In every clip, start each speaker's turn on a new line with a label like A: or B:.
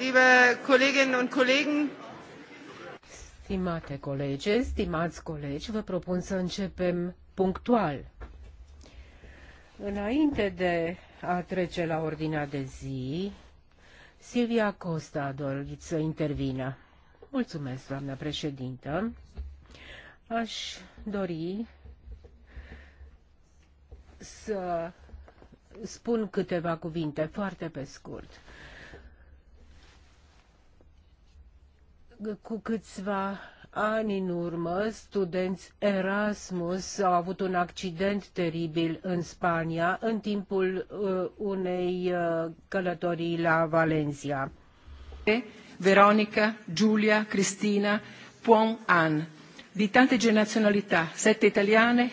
A: liebe Kolleginnen und Kollegen. Stimate colege, stimați colegi, vă propun să începem punctual. Înainte de a trece la ordinea de zi, Silvia Costa a dorit să intervină. Mulțumesc, doamnă președintă. Aș dori să spun câteva cuvinte foarte pe scurt. cu câțiva ani în urmă, studenți Erasmus au avut un accident teribil în Spania în timpul uh, unei uh, călătorii la Valencia. Veronica, Giulia, Cristina, Puan An, di tante generazionalità, sette italiane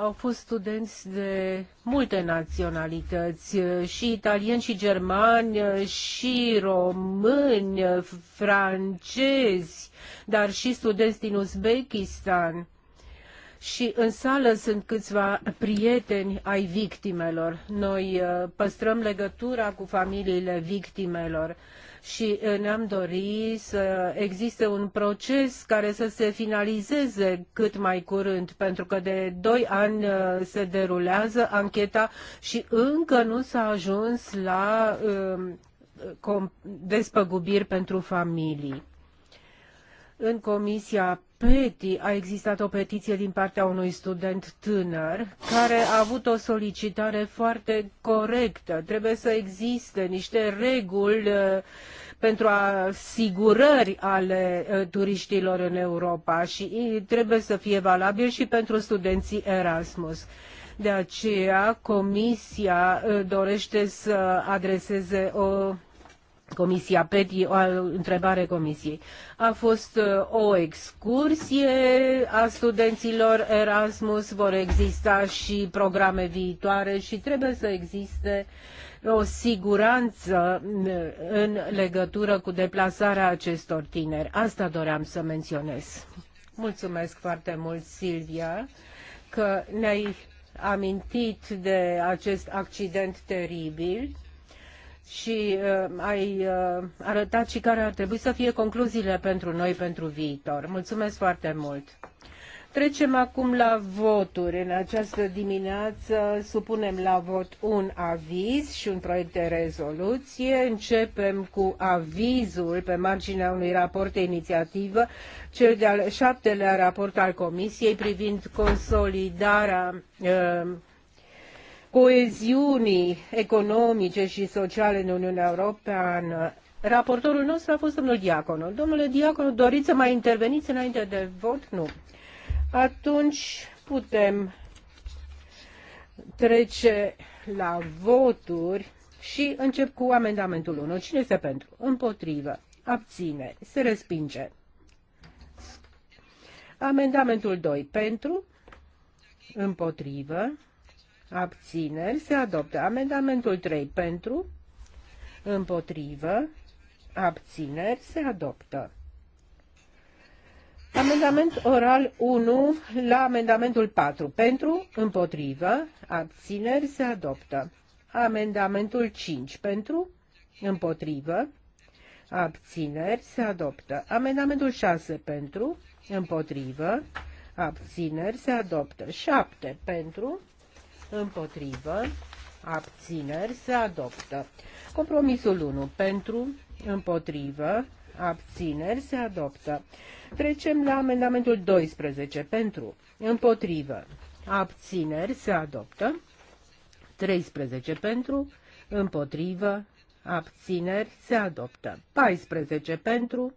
A: au fost studenți de multe naționalități, și italieni, și germani, și români, francezi, dar și studenți din Uzbekistan. Și în sală sunt câțiva prieteni ai victimelor. Noi păstrăm legătura cu familiile victimelor și uh, ne-am dorit să existe un proces care să se finalizeze cât mai curând, pentru că de doi ani uh, se derulează ancheta și încă nu s-a ajuns la um, despăgubiri pentru familii. În Comisia PETI a existat o petiție din partea unui student tânăr care a avut o solicitare foarte corectă. Trebuie să existe niște reguli uh, pentru asigurări ale uh, turiștilor în Europa și uh, trebuie să fie valabil și pentru studenții Erasmus. De aceea, Comisia dorește să adreseze o Comisia PETI, o întrebare Comisiei. A fost uh, o excursie a studenților Erasmus, vor exista și programe viitoare și trebuie să existe o siguranță uh, în legătură cu deplasarea acestor tineri. Asta doream să menționez. Mulțumesc foarte mult, Silvia, că ne-ai amintit de acest accident teribil și uh, ai uh, arătat și care ar trebui să fie concluziile pentru noi pentru viitor. Mulțumesc foarte mult! Trecem acum la voturi. În această dimineață supunem la vot un aviz și un proiect de rezoluție. Începem cu avizul pe marginea unui raport de inițiativă, cel de-al șaptelea raport al Comisiei privind consolidarea uh, coeziunii economice și sociale în Uniunea Europeană. Raportorul nostru a fost domnul Diaconu. Domnule Diaconu, doriți să mai interveniți înainte de vot? Nu. Atunci putem trece la voturi și încep cu amendamentul 1. Cine este pentru? Împotrivă. Abține. Se respinge. Amendamentul 2. Pentru. Împotrivă abțineri, se adoptă. Amendamentul 3 pentru, împotrivă, abțineri, se adoptă. Amendament oral 1 la amendamentul 4. Pentru, împotrivă, abțineri se adoptă. Amendamentul 5. Pentru, împotrivă, abțineri se adoptă. Amendamentul 6. Pentru, împotrivă, abțineri se adoptă. 7. Pentru, împotrivă, abțineri, se adoptă. Compromisul 1 pentru, împotrivă, abțineri, se adoptă. Trecem la amendamentul 12 pentru, împotrivă, abțineri, se adoptă. 13 pentru, împotrivă, abțineri, se adoptă. 14 pentru,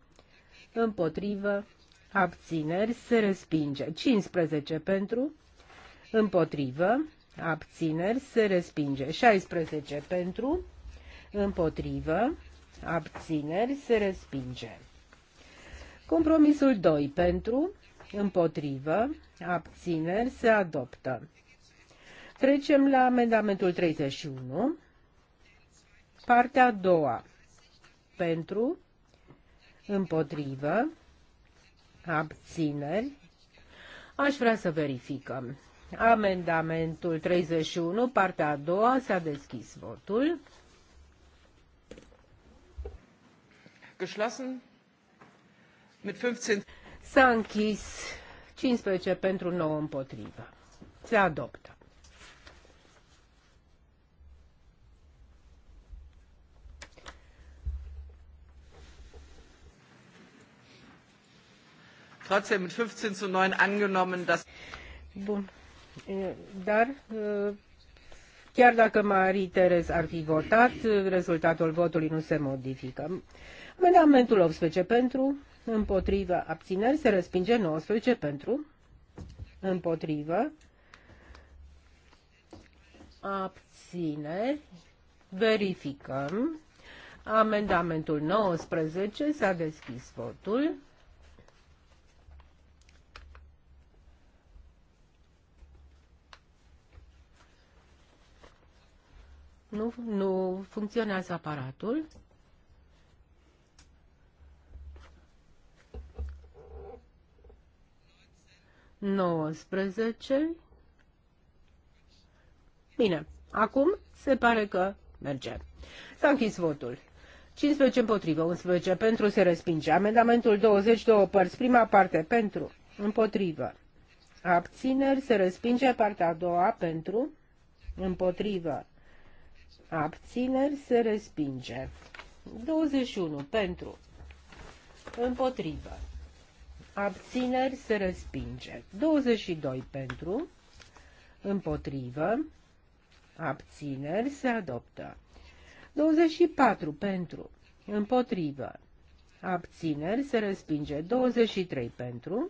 A: împotrivă, abțineri, se respinge. 15 pentru, împotrivă, abțineri, se respinge. 16 pentru, împotrivă, abțineri, se respinge. Compromisul 2 pentru, împotrivă, abțineri, se adoptă. Trecem la amendamentul 31, partea a doua. Pentru, împotrivă, abțineri. Aș vrea să verificăm. Amendamentul 31, partea a doua, s-a deschis votul. Geschlossen. Mit 15. S-a închis 15 pentru 9 împotrivă. Se adoptă. trotzdem mit 15 zu 9 angenommen, dass Bun. Dar chiar dacă Marie Terez ar fi votat, rezultatul votului nu se modifică. Amendamentul 18 pentru, împotrivă, abțineri, se respinge 19 pentru, împotrivă, abțineri, verificăm. Amendamentul 19 s-a deschis votul. Nu, nu funcționează aparatul. Nouăsprezece. Bine, acum se pare că merge. S-a închis votul. 15 împotrivă, 11 pentru se respinge. Amendamentul 22 părți, prima parte pentru, împotrivă. Abțineri se respinge partea a doua pentru, împotrivă abțineri se respinge. 21 pentru, împotrivă, abțineri se respinge. 22 pentru, împotrivă, abțineri se adoptă. 24 pentru, împotrivă, abțineri se respinge. 23 pentru,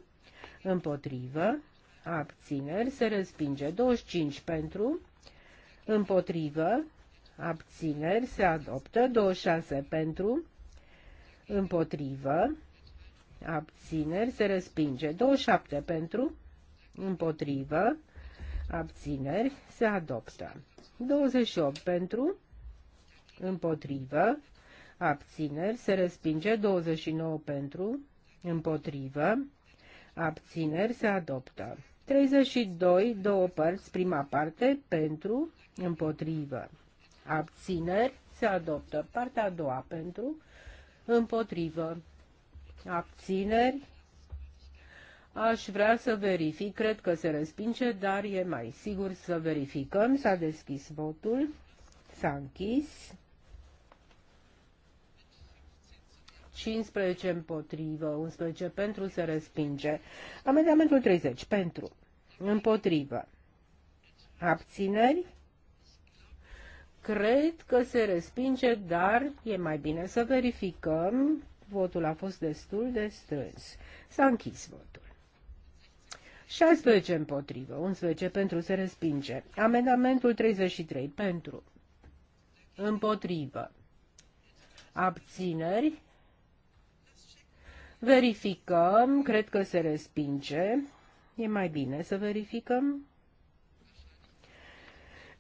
A: împotrivă, abțineri se respinge. 25 pentru, împotrivă, abțineri se adoptă, 26 pentru, împotrivă, abțineri se respinge, 27 pentru, împotrivă, abțineri se adoptă, 28 pentru, împotrivă, abțineri se respinge, 29 pentru, împotrivă, abțineri se adoptă. 32, două părți, prima parte, pentru, împotrivă abțineri, se adoptă. Partea a doua pentru, împotrivă, abțineri, aș vrea să verific, cred că se respinge, dar e mai sigur să verificăm. S-a deschis votul, s-a închis. 15 împotrivă, 11 pentru, se respinge. Amendamentul 30 pentru, împotrivă. Abțineri, Cred că se respinge, dar e mai bine să verificăm. Votul a fost destul de strâns. S-a închis votul. 16 împotrivă, 11 pentru se respinge. Amendamentul 33 pentru. Împotrivă. Abțineri. Verificăm, cred că se respinge. E mai bine să verificăm.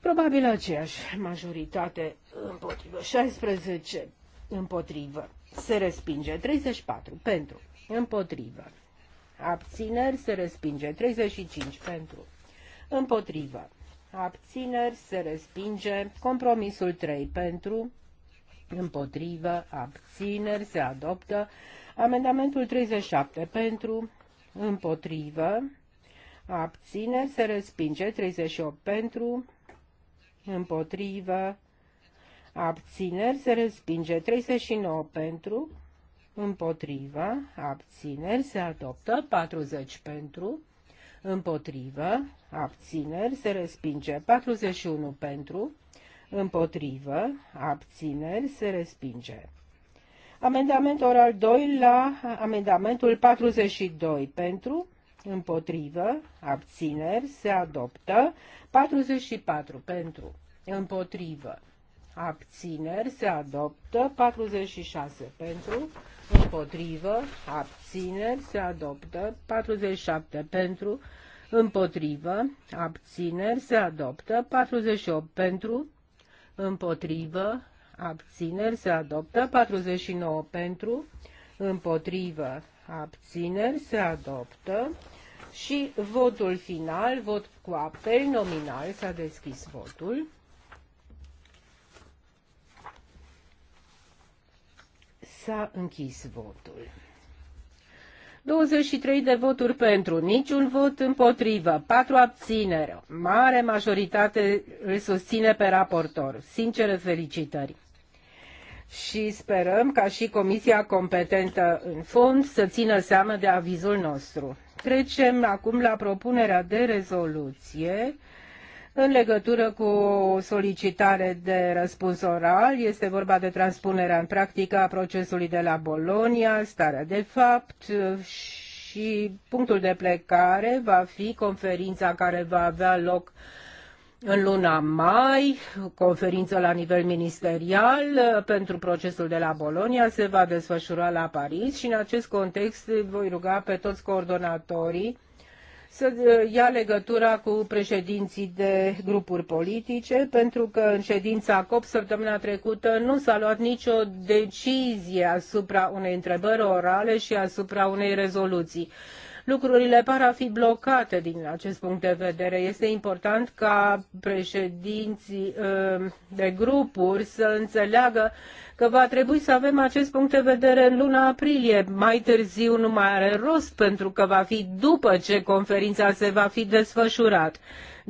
A: Probabil aceeași majoritate împotrivă. 16 împotrivă. Se respinge. 34 pentru. Împotrivă. Abțineri se respinge. 35 pentru. Împotrivă. Abțineri se respinge. Compromisul 3 pentru. Împotrivă. Abțineri se adoptă. Amendamentul 37 pentru. Împotrivă. Abțineri se respinge. 38 pentru împotrivă, abțineri, se respinge. 39 pentru, împotrivă, abțineri, se adoptă. 40 pentru, împotrivă, abțineri, se respinge. 41 pentru, împotrivă, abțineri, se respinge. Amendament oral 2 la amendamentul 42 pentru, împotrivă, abțineri, se adoptă. 44 pentru, împotrivă, abțineri, se adoptă. 46 pentru, împotrivă, abțineri, se adoptă. 47 pentru, împotrivă, abțineri, se adoptă. 48 pentru, împotrivă, abțineri, se adoptă. 49 pentru, împotrivă, abțineri, se adoptă. Și votul final, vot cu apel nominal, s-a deschis votul. S-a închis votul. 23 de voturi pentru, niciun vot împotrivă, 4 abțineri. Mare majoritate îl susține pe raportor. Sincere felicitări! și sperăm ca și comisia competentă în fond să țină seama de avizul nostru. Trecem acum la propunerea de rezoluție în legătură cu o solicitare de răspuns oral. Este vorba de transpunerea în practică a procesului de la Bolonia, starea de fapt și punctul de plecare va fi conferința care va avea loc în luna mai, conferință la nivel ministerial uh, pentru procesul de la Bolonia se va desfășura la Paris și în acest context voi ruga pe toți coordonatorii să uh, ia legătura cu președinții de grupuri politice, pentru că în ședința COP săptămâna trecută nu s-a luat nicio decizie asupra unei întrebări orale și asupra unei rezoluții lucrurile par a fi blocate din acest punct de vedere. Este important ca președinții uh, de grupuri să înțeleagă că va trebui să avem acest punct de vedere în luna aprilie. Mai târziu nu mai are rost pentru că va fi după ce conferința se va fi desfășurat.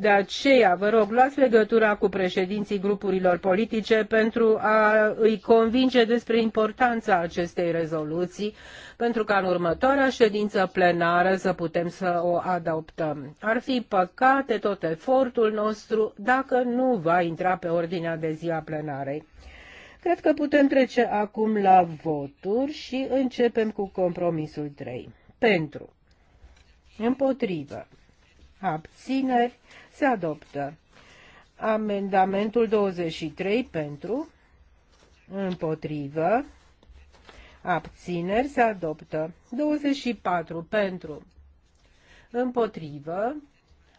A: De aceea, vă rog, luați legătura cu președinții grupurilor politice pentru a îi convinge despre importanța acestei rezoluții, pentru ca în următoarea ședință plenară să putem să o adoptăm. Ar fi păcate tot efortul nostru dacă nu va intra pe ordinea de zi a plenarei. Cred că putem trece acum la voturi și începem cu compromisul 3. Pentru. Împotrivă. Abțineri se adoptă. Amendamentul 23 pentru, împotrivă, abțineri, se adoptă. 24 pentru, împotrivă,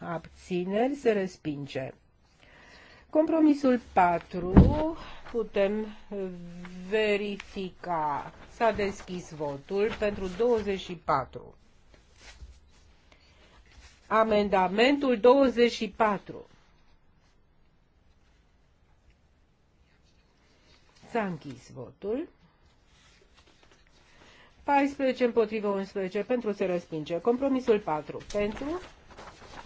A: abțineri, se respinge. Compromisul 4 putem verifica. S-a deschis votul pentru 24. Amendamentul 24. S-a închis votul. 14 împotrivă 11 pentru se respinge. Compromisul 4 pentru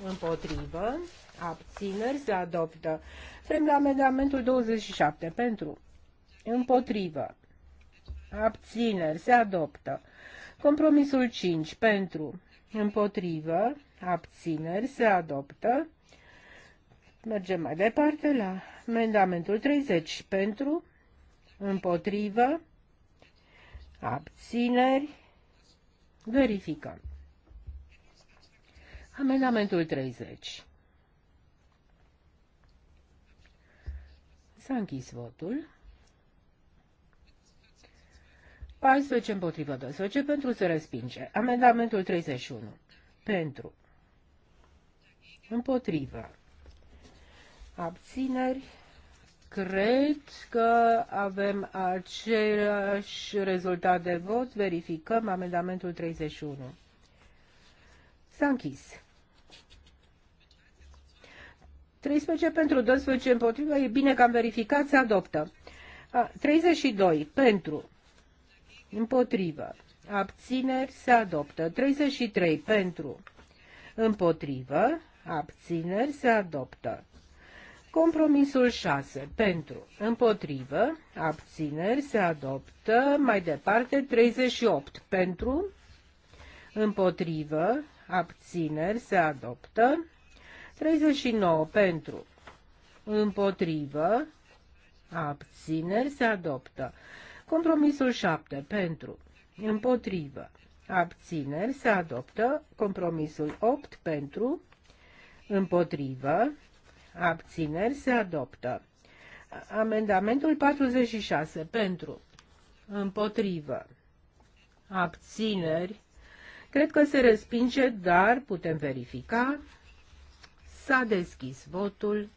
A: împotrivă abțineri se adoptă. Trem la amendamentul 27 pentru împotrivă abțineri se adoptă. Compromisul 5 pentru împotrivă, abțineri, se adoptă. Mergem mai departe la amendamentul 30 pentru, împotrivă, abțineri, verificăm. Amendamentul 30. S-a închis votul. 14 împotrivă 12 pentru se respinge. Amendamentul 31 pentru împotrivă abțineri cred că avem același rezultat de vot. Verificăm amendamentul 31. S-a închis. 13 pentru 12 împotrivă. E bine că am verificat. Se adoptă. 32 pentru Împotrivă. Abțineri se adoptă. 33 pentru. Împotrivă. Abțineri se adoptă. Compromisul 6. Pentru. Împotrivă. Abțineri se adoptă. Mai departe 38. Pentru. Împotrivă. Abțineri se adoptă. 39. Pentru. Împotrivă. Abțineri se adoptă. Compromisul 7 pentru, împotrivă, abțineri se adoptă. Compromisul 8 pentru, împotrivă, abțineri se adoptă. Amendamentul 46 pentru, împotrivă, abțineri, cred că se respinge, dar putem verifica. S-a deschis votul.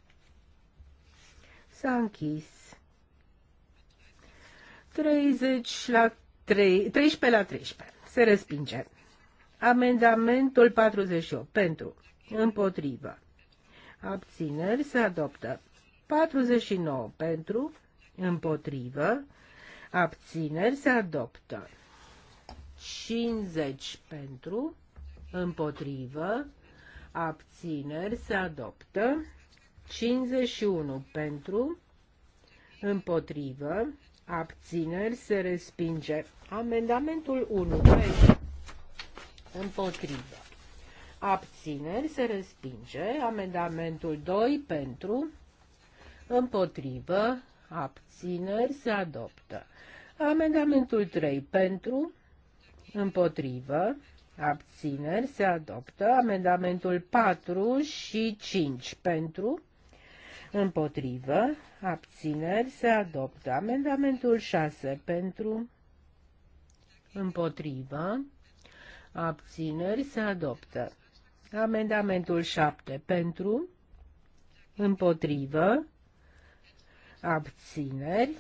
A: S-a închis. 30 la 3, 13 la 13. Se respinge. Amendamentul 48. Pentru. Împotrivă. Abțineri. Se adoptă. 49. Pentru. Împotrivă. Abțineri. Se adoptă. 50 pentru, împotrivă, abțineri, se adoptă, 51 pentru, împotrivă, abțineri se respinge. Amendamentul 1 pentru împotrivă. Abțineri se respinge. Amendamentul 2 pentru împotrivă. Abțineri se adoptă. Amendamentul 3 pentru împotrivă. Abțineri se adoptă. Amendamentul 4 și 5 pentru Împotrivă. Abțineri. Se adoptă. Amendamentul 6 pentru. Împotrivă. Abțineri. Se adoptă. Amendamentul 7 pentru. Împotrivă. Abțineri.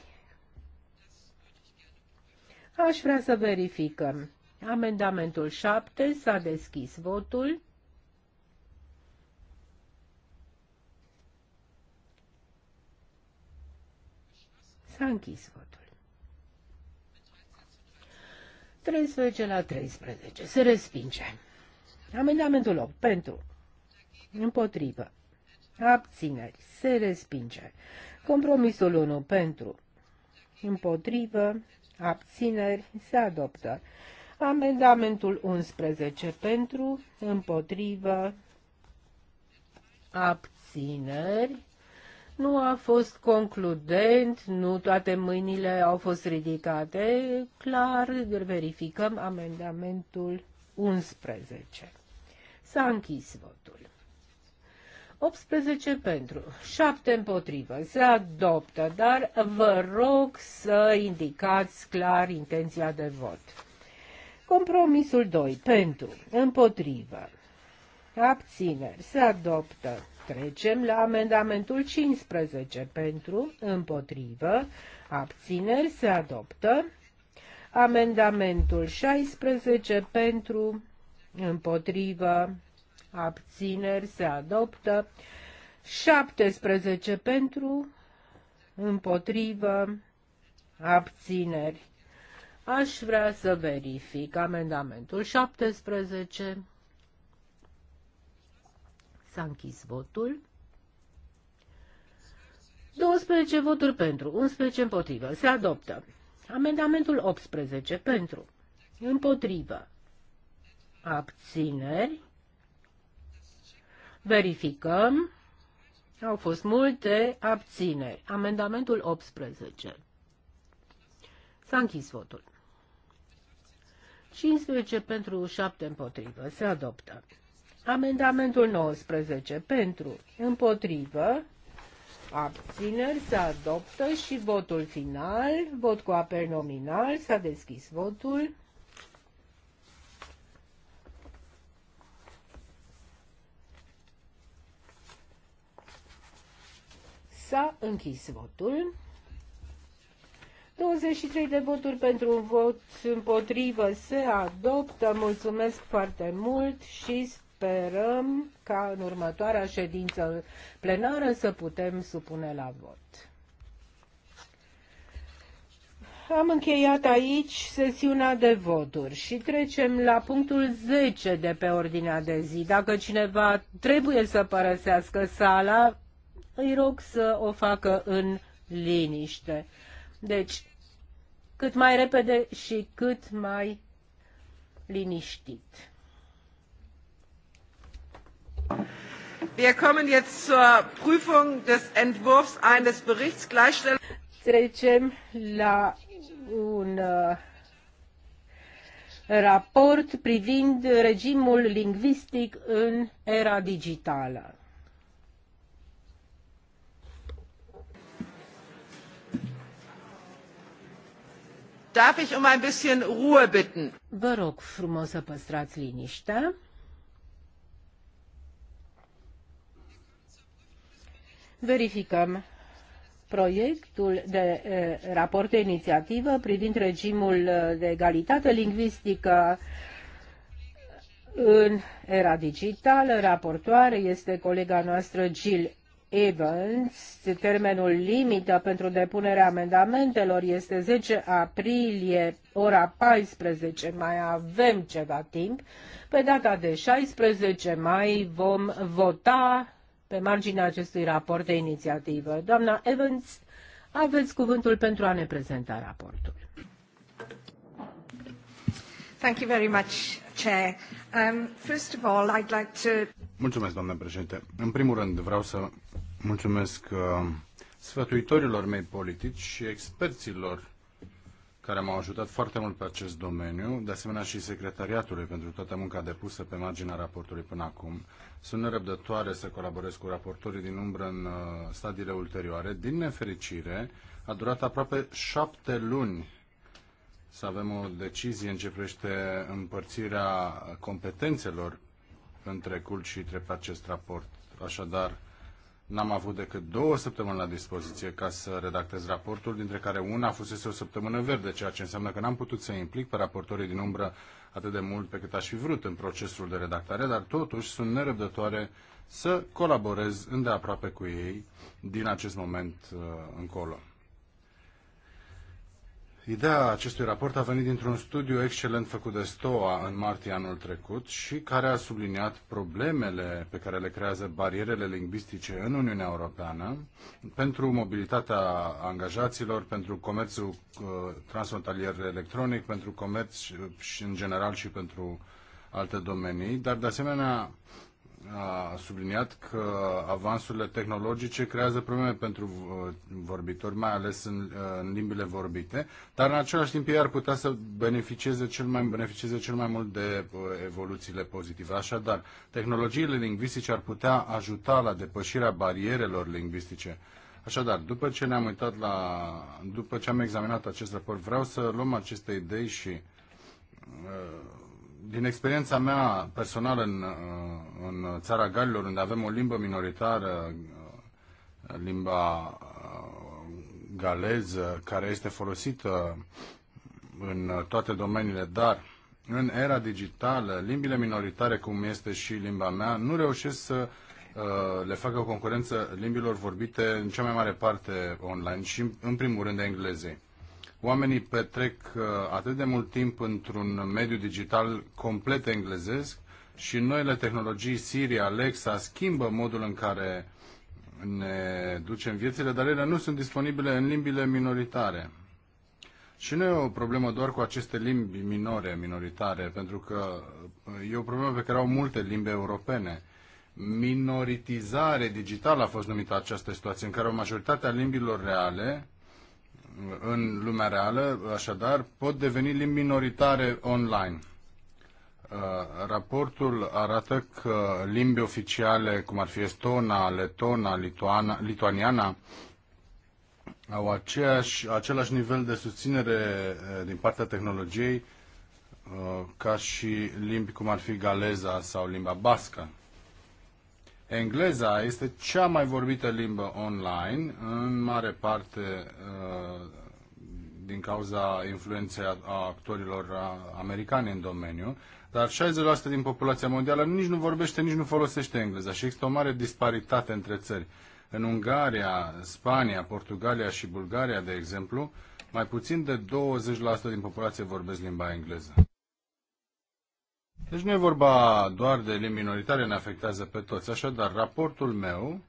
A: Aș vrea să verificăm. Amendamentul 7 s-a deschis votul. S-a închis votul. 13 la 13. Se respinge. Amendamentul 8. Pentru. Împotrivă. Abțineri. Se respinge. Compromisul 1. Pentru. Împotrivă. Abțineri. Se adoptă. Amendamentul 11. Pentru. Împotrivă. Abțineri nu a fost concludent, nu toate mâinile au fost ridicate. Clar, verificăm amendamentul 11. S-a închis votul. 18 pentru, 7 împotrivă. Se adoptă, dar vă rog să indicați clar intenția de vot. Compromisul 2. Pentru, împotrivă. Abțineri. Se adoptă. Trecem la amendamentul 15 pentru, împotrivă, abțineri se adoptă. Amendamentul 16 pentru, împotrivă, abțineri se adoptă. 17 pentru, împotrivă, abțineri. Aș vrea să verific amendamentul 17. S-a închis votul. 12 voturi pentru, 11 împotrivă. Se adoptă. Amendamentul 18 pentru, împotrivă, abțineri. Verificăm. Au fost multe abțineri. Amendamentul 18. S-a închis votul. 15 pentru 7 împotrivă. Se adoptă. Amendamentul 19 pentru, împotrivă, abțineri se adoptă și votul final, vot cu apel nominal, s-a deschis votul. S-a închis votul. 23 de voturi pentru un vot împotrivă se adoptă. Mulțumesc foarte mult și sperăm ca în următoarea ședință plenară să putem supune la vot. Am încheiat aici sesiunea de voturi și trecem la punctul 10 de pe ordinea de zi. Dacă cineva trebuie să părăsească sala, îi rog să o facă în liniște. Deci, cât mai repede și cât mai liniștit. Wir kommen jetzt zur Prüfung des Entwurfs eines Berichts Gleichstellung. Trecem la un uh, raport privind regimul lingvistic în era digitală. Darf ich um ein bisschen Ruhe bitten? Vă rog frumos să păstrați liniștea. verificăm proiectul de raport de inițiativă privind regimul de egalitate lingvistică în era digitală. Raportoare este colega noastră Jill Evans. Termenul limită pentru depunerea amendamentelor este 10 aprilie, ora 14. Mai avem ceva timp. Pe data de 16 mai vom vota pe marginea acestui raport de inițiativă. Doamna Evans, aveți cuvântul pentru a ne prezenta raportul. Thank you very much, Chair. Um, first of all, I'd like to...
B: Mulțumesc, doamnă președinte. În primul rând, vreau să mulțumesc uh, sfătuitorilor mei politici și experților care m-au ajutat foarte mult pe acest domeniu, de asemenea și secretariatului pentru toată munca depusă pe marginea raportului până acum. Sunt nerăbdătoare să colaborez cu raportorii din umbră în uh, stadiile ulterioare. Din nefericire, a durat aproape șapte luni să avem o decizie în ce privește împărțirea competențelor între CULT și între acest raport. Așadar, N-am avut decât două săptămâni la dispoziție ca să redactez raportul, dintre care una fusese o săptămână verde, ceea ce înseamnă că n-am putut să implic pe raportorii din umbră atât de mult pe cât aș fi vrut în procesul de redactare, dar totuși sunt nerăbdătoare să colaborez îndeaproape cu ei din acest moment uh, încolo. Ideea acestui raport a venit dintr-un studiu excelent făcut de STOA în martie anul trecut și care a subliniat problemele pe care le creează barierele lingvistice în Uniunea Europeană pentru mobilitatea angajaților, pentru comerțul uh, transfrontalier electronic, pentru comerț și în general și pentru alte domenii, dar de asemenea a subliniat că avansurile tehnologice creează probleme pentru uh, vorbitori, mai ales în, uh, în limbile vorbite, dar în același timp ei ar putea să beneficieze cel mai, beneficieze cel mai mult de uh, evoluțiile pozitive. Așadar, tehnologiile lingvistice ar putea ajuta la depășirea barierelor lingvistice. Așadar, după ce ne-am uitat la, după ce am examinat acest raport, vreau să luăm aceste idei și uh, din experiența mea personală în, uh, în țara Galilor, unde avem o limbă minoritară, uh, limba uh, galeză, care este folosită în toate domeniile, dar în era digitală, limbile minoritare, cum este și limba mea, nu reușesc să le facă o concurență limbilor vorbite în cea mai mare parte online și, în primul rând, englezei. Oamenii petrec uh, atât de mult timp într-un mediu digital complet englezesc și noile tehnologii Siri, Alexa schimbă modul în care ne ducem viețile, dar ele nu sunt disponibile în limbile minoritare. Și nu e o problemă doar cu aceste limbi minore, minoritare, pentru că uh, e o problemă pe care au multe limbi europene. Minoritizare digitală a fost numită această situație, în care o majoritate a limbilor reale în lumea reală, așadar, pot deveni limbi minoritare online. Uh, raportul arată că limbi oficiale, cum ar fi estona, letona, lituana, lituaniana, au aceeași, același nivel de susținere uh, din partea tehnologiei uh, ca și limbi cum ar fi galeza sau limba basca. Engleza este cea mai vorbită limbă online, în mare parte uh, din cauza influenței a actorilor americani în domeniu, dar 60% din populația mondială nici nu vorbește, nici nu folosește engleza și există o mare disparitate între țări. În Ungaria, Spania, Portugalia și Bulgaria, de exemplu, mai puțin de 20% din populație vorbesc limba engleză. Deci nu e vorba doar de limbi minoritare, ne afectează pe toți. Așadar, raportul meu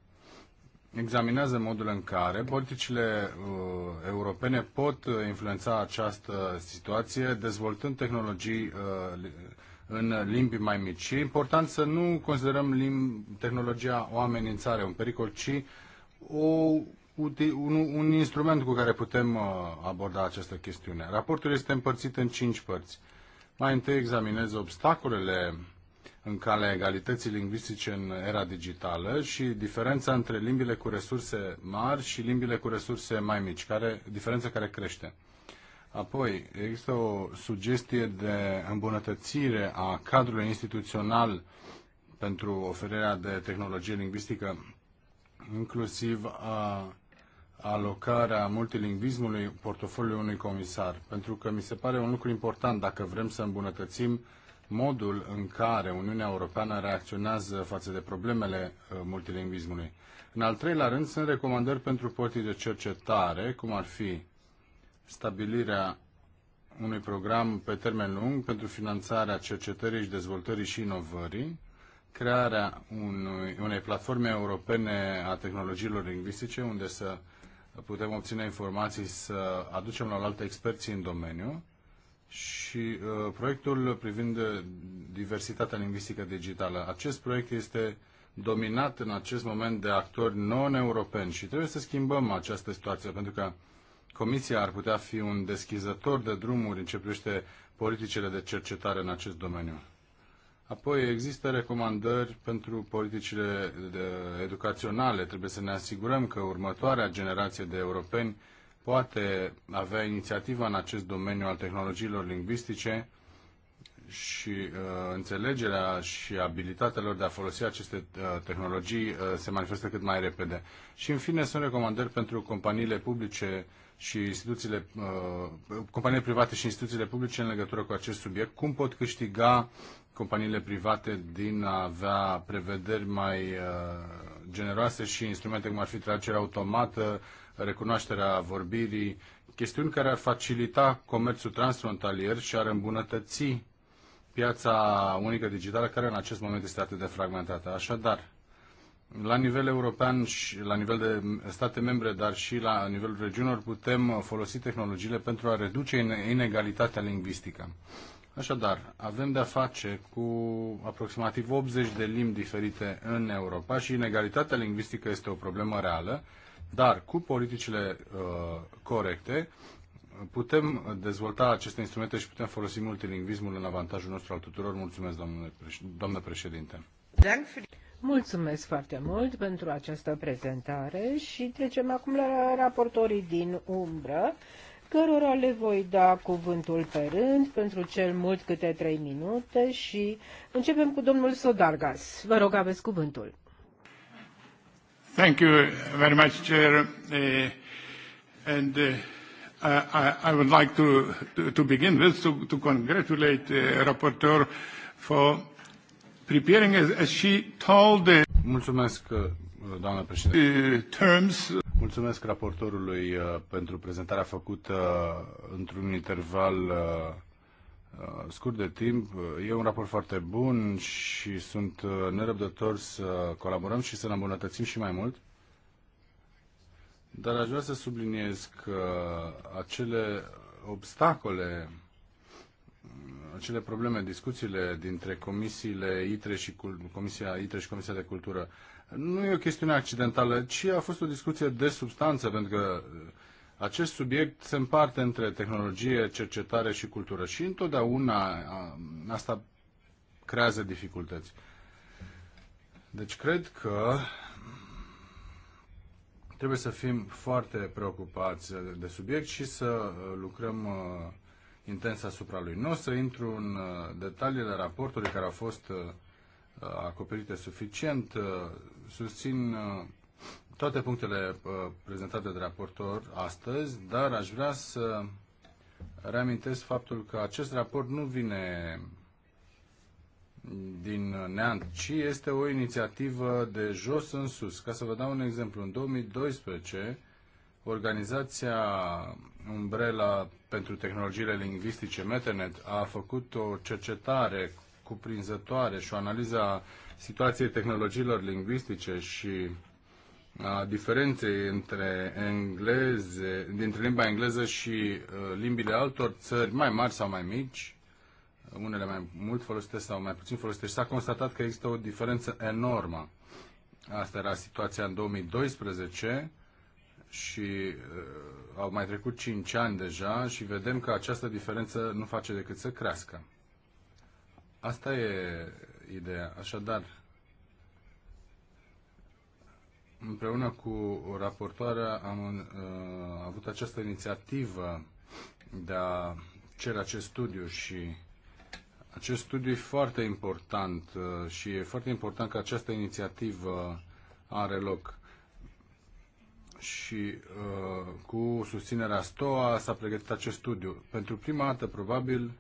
B: examinează modul în care politicile uh, europene pot uh, influența această situație dezvoltând tehnologii uh, în limbi mai mici. Și e important să nu considerăm tehnologia o amenințare, un pericol, ci o, un, un instrument cu care putem uh, aborda această chestiune. Raportul este împărțit în cinci părți. Mai întâi examinez obstacolele în calea egalității lingvistice în era digitală și diferența între limbile cu resurse mari și limbile cu resurse mai mici, care, diferența care crește. Apoi, există o sugestie de îmbunătățire a cadrului instituțional pentru oferirea de tehnologie lingvistică, inclusiv a alocarea multilingvismului portofoliului unui comisar, pentru că mi se pare un lucru important dacă vrem să îmbunătățim modul în care Uniunea Europeană reacționează față de problemele uh, multilingvismului. În al treilea rând, sunt recomandări pentru politici de cercetare, cum ar fi stabilirea unui program pe termen lung pentru finanțarea cercetării și dezvoltării și inovării, crearea unui, unei platforme europene a tehnologiilor lingvistice unde să putem obține informații, să aducem la altă experții în domeniu și uh, proiectul privind diversitatea lingvistică digitală. Acest proiect este dominat în acest moment de actori non-europeni și trebuie să schimbăm această situație pentru că Comisia ar putea fi un deschizător de drumuri în ce privește politicile de cercetare în acest domeniu. Apoi există recomandări pentru politicile educaționale. Trebuie să ne asigurăm că următoarea generație de europeni poate avea inițiativa în acest domeniu al tehnologiilor lingvistice și uh, înțelegerea și abilitatea lor de a folosi aceste uh, tehnologii uh, se manifestă cât mai repede. Și în fine sunt recomandări pentru companiile publice și instituțiile, uh, companiile private și instituțiile publice în legătură cu acest subiect, cum pot câștiga companiile private din a avea prevederi mai uh, generoase și instrumente cum ar fi tracerea automată, recunoașterea vorbirii, chestiuni care ar facilita comerțul transfrontalier și ar îmbunătăți piața unică digitală, care în acest moment este atât de fragmentată. Așadar, la nivel european și la nivel de state membre, dar și la nivelul regiunilor, putem folosi tehnologiile pentru a reduce inegalitatea lingvistică. Așadar, avem de-a face cu aproximativ 80 de limbi diferite în Europa și inegalitatea lingvistică este o problemă reală, dar cu politicile uh, corecte putem dezvolta aceste instrumente și putem folosi multilingvismul în avantajul nostru al tuturor. Mulțumesc, doamnă președinte.
A: Mulțumesc foarte mult pentru această prezentare și trecem acum la raportorii din umbră, cărora le voi da cuvântul pe rând pentru cel mult câte trei minute și începem cu domnul Sodargas. Vă rog, aveți cuvântul.
B: Thank you very much, Chair. Uh, and, uh... I, I would like to, to, to begin with to, to congratulate the uh, rapporteur for preparing, as, as she told the Mulțumesc, uh, doamnă președinte. Terms. Mulțumesc raportorului uh, pentru prezentarea făcută într-un interval scurt de timp. E un raport foarte bun și sunt nerăbdător să colaborăm și să ne îmbunătățim și mai mult. Dar aș vrea să subliniez că acele obstacole, acele probleme, discuțiile dintre comisiile ITRE și Comisia ITRE și Comisia de Cultură, nu e o chestiune accidentală, ci a fost o discuție de substanță, pentru că uh, acest subiect se împarte între tehnologie, cercetare și cultură și întotdeauna uh, asta creează dificultăți. Deci cred că Trebuie să fim foarte preocupați de subiect și să uh, lucrăm uh, intens asupra lui. Nu o să intru în uh, detaliile raportului care au fost acoperite suficient. Susțin toate punctele prezentate de raportor astăzi, dar aș vrea să reamintesc faptul că acest raport nu vine din Neant, ci este o inițiativă de jos în sus. Ca să vă dau un exemplu, în 2012, organizația Umbrella pentru tehnologiile lingvistice Metanet a făcut o cercetare cuprinzătoare și o analiză a situației tehnologiilor lingvistice și a diferenței între, engleze, dintre limba engleză și uh, limbile altor țări mai mari sau mai mici, unele mai mult folosite sau mai puțin folosite și s-a constatat că există o diferență enormă. Asta era situația în 2012 și uh, au mai trecut 5 ani deja și vedem că această diferență nu face decât să crească. Asta e ideea. Așadar, împreună cu raportoarea am uh, avut această inițiativă de a cere acest studiu și acest studiu e foarte important uh, și e foarte important că această inițiativă are loc. Și uh, cu susținerea STOA s-a pregătit acest studiu. Pentru prima dată, probabil,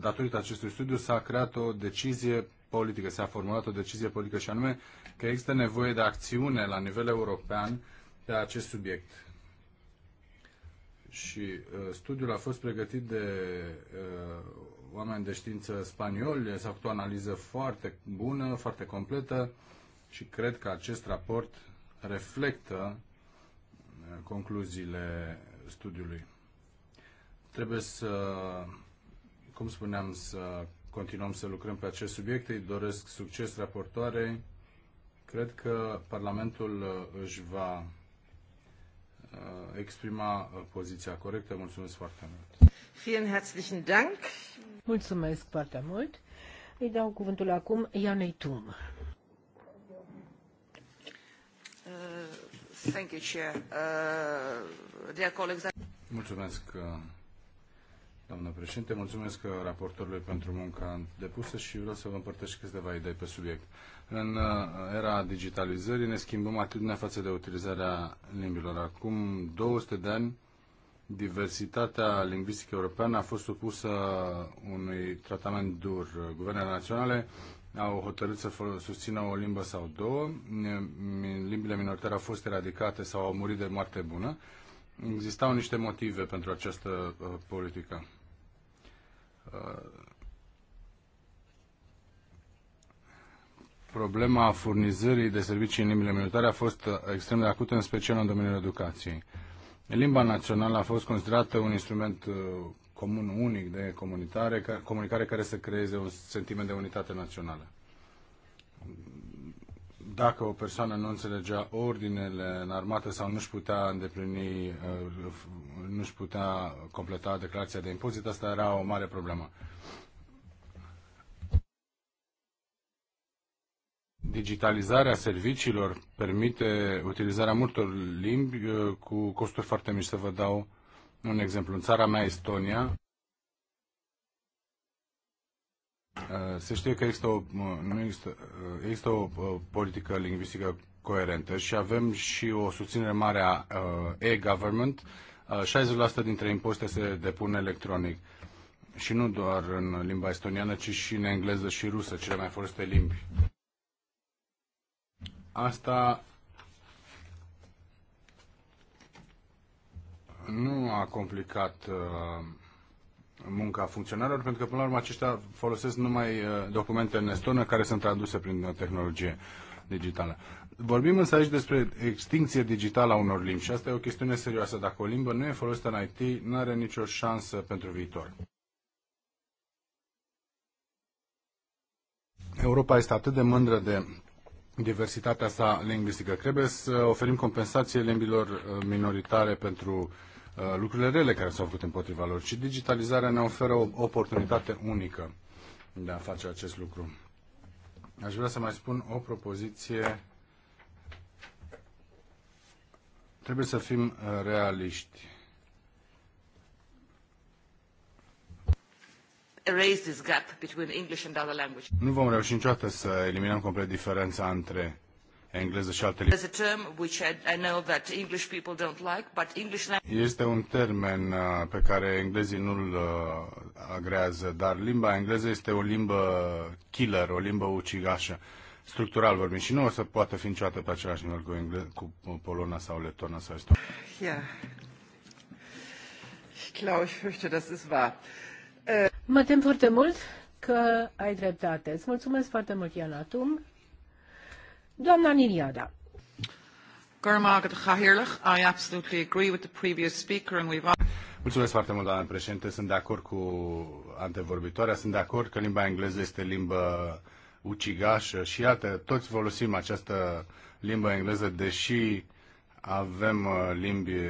B: datorită acestui studiu s-a creat o decizie politică, s-a formulat o decizie politică și anume că există nevoie de acțiune la nivel european pe acest subiect și uh, studiul a fost pregătit de uh, oameni de știință spanioli, s-a făcut o analiză foarte bună, foarte completă și cred că acest raport reflectă uh, concluziile studiului. Trebuie să, cum spuneam, să continuăm să lucrăm pe acest subiect. Îi doresc succes raportoarei. Cred că Parlamentul uh, își va Uh, exprima uh, poziția corectă. Mulțumesc foarte mult! Vielen herzlichen Dank!
A: Mulțumesc foarte mult! Îi dau cuvântul acum Ianei Tum.
C: Uh,
B: Mulțumesc, Doamnă președinte, mulțumesc raportorului pentru munca depusă și vreau să vă împărtășesc câteva idei pe subiect. În uh, era digitalizării ne schimbăm atitudinea față de utilizarea limbilor. Acum 200 de ani, diversitatea lingvistică europeană a fost supusă unui tratament dur. Guvernele naționale au hotărât să susțină o limbă sau două, limbile minoritare au fost eradicate sau au murit de moarte bună, existau niște motive pentru această uh, politică. Uh, problema furnizării de servicii în limbile militare a fost uh, extrem de acută, în special în domeniul educației. Limba națională a fost considerată un instrument uh, comun unic de comunicare care să creeze un sentiment de unitate națională dacă o persoană nu înțelegea ordinele în armată sau nu-și putea îndeplini, uh, nu-și putea completa declarația de impozit, asta era o mare problemă. Digitalizarea serviciilor permite utilizarea multor limbi uh, cu costuri foarte mici. Să vă dau un exemplu. În țara mea, Estonia, Uh, se știe că există o, nu există, uh, există o uh, politică lingvistică coerentă și avem și o susținere mare a e-government. 60% dintre impozite se depun electronic și nu doar în limba estoniană, ci și în engleză și rusă, cele mai folosite limbi. Asta nu a complicat uh, munca funcționarilor, pentru că până la urmă aceștia folosesc numai uh, documente în estonă care sunt traduse prin uh, tehnologie digitală. Vorbim însă aici despre extinție digitală a unor limbi și asta e o chestiune serioasă. Dacă o limbă nu e folosită în IT, nu are nicio șansă pentru viitor. Europa este atât de mândră de diversitatea sa lingvistică. Trebuie să oferim compensație limbilor uh, minoritare pentru uh, Uh, lucrurile rele care s-au făcut împotriva lor, ci digitalizarea ne oferă o oportunitate unică de a face acest lucru. Aș vrea să mai spun o propoziție. Trebuie să fim uh, realiști. Nu vom reuși niciodată să eliminăm complet diferența între engleză și alte limbi. Este un termen uh, pe care englezii nu-l uh, agrează, dar limba engleză este o limbă killer, o limbă ucigașă. Structural vorbim și nu o să poată fi niciodată pe același nivel cu, engle- cu polona sau letona sau estonia.
C: Yeah.
A: Clau, ich fürchte, das ist wahr. Äh, mă tem foarte mult că ai dreptate. Îți mulțumesc foarte mult, Iana Tum. Doamna Niriada.
B: Mulțumesc foarte mult, doamna președinte. Sunt de acord cu antevorbitoarea. Sunt de acord că limba engleză este limbă ucigașă și iată, toți folosim această limbă engleză, deși avem uh, limbi uh,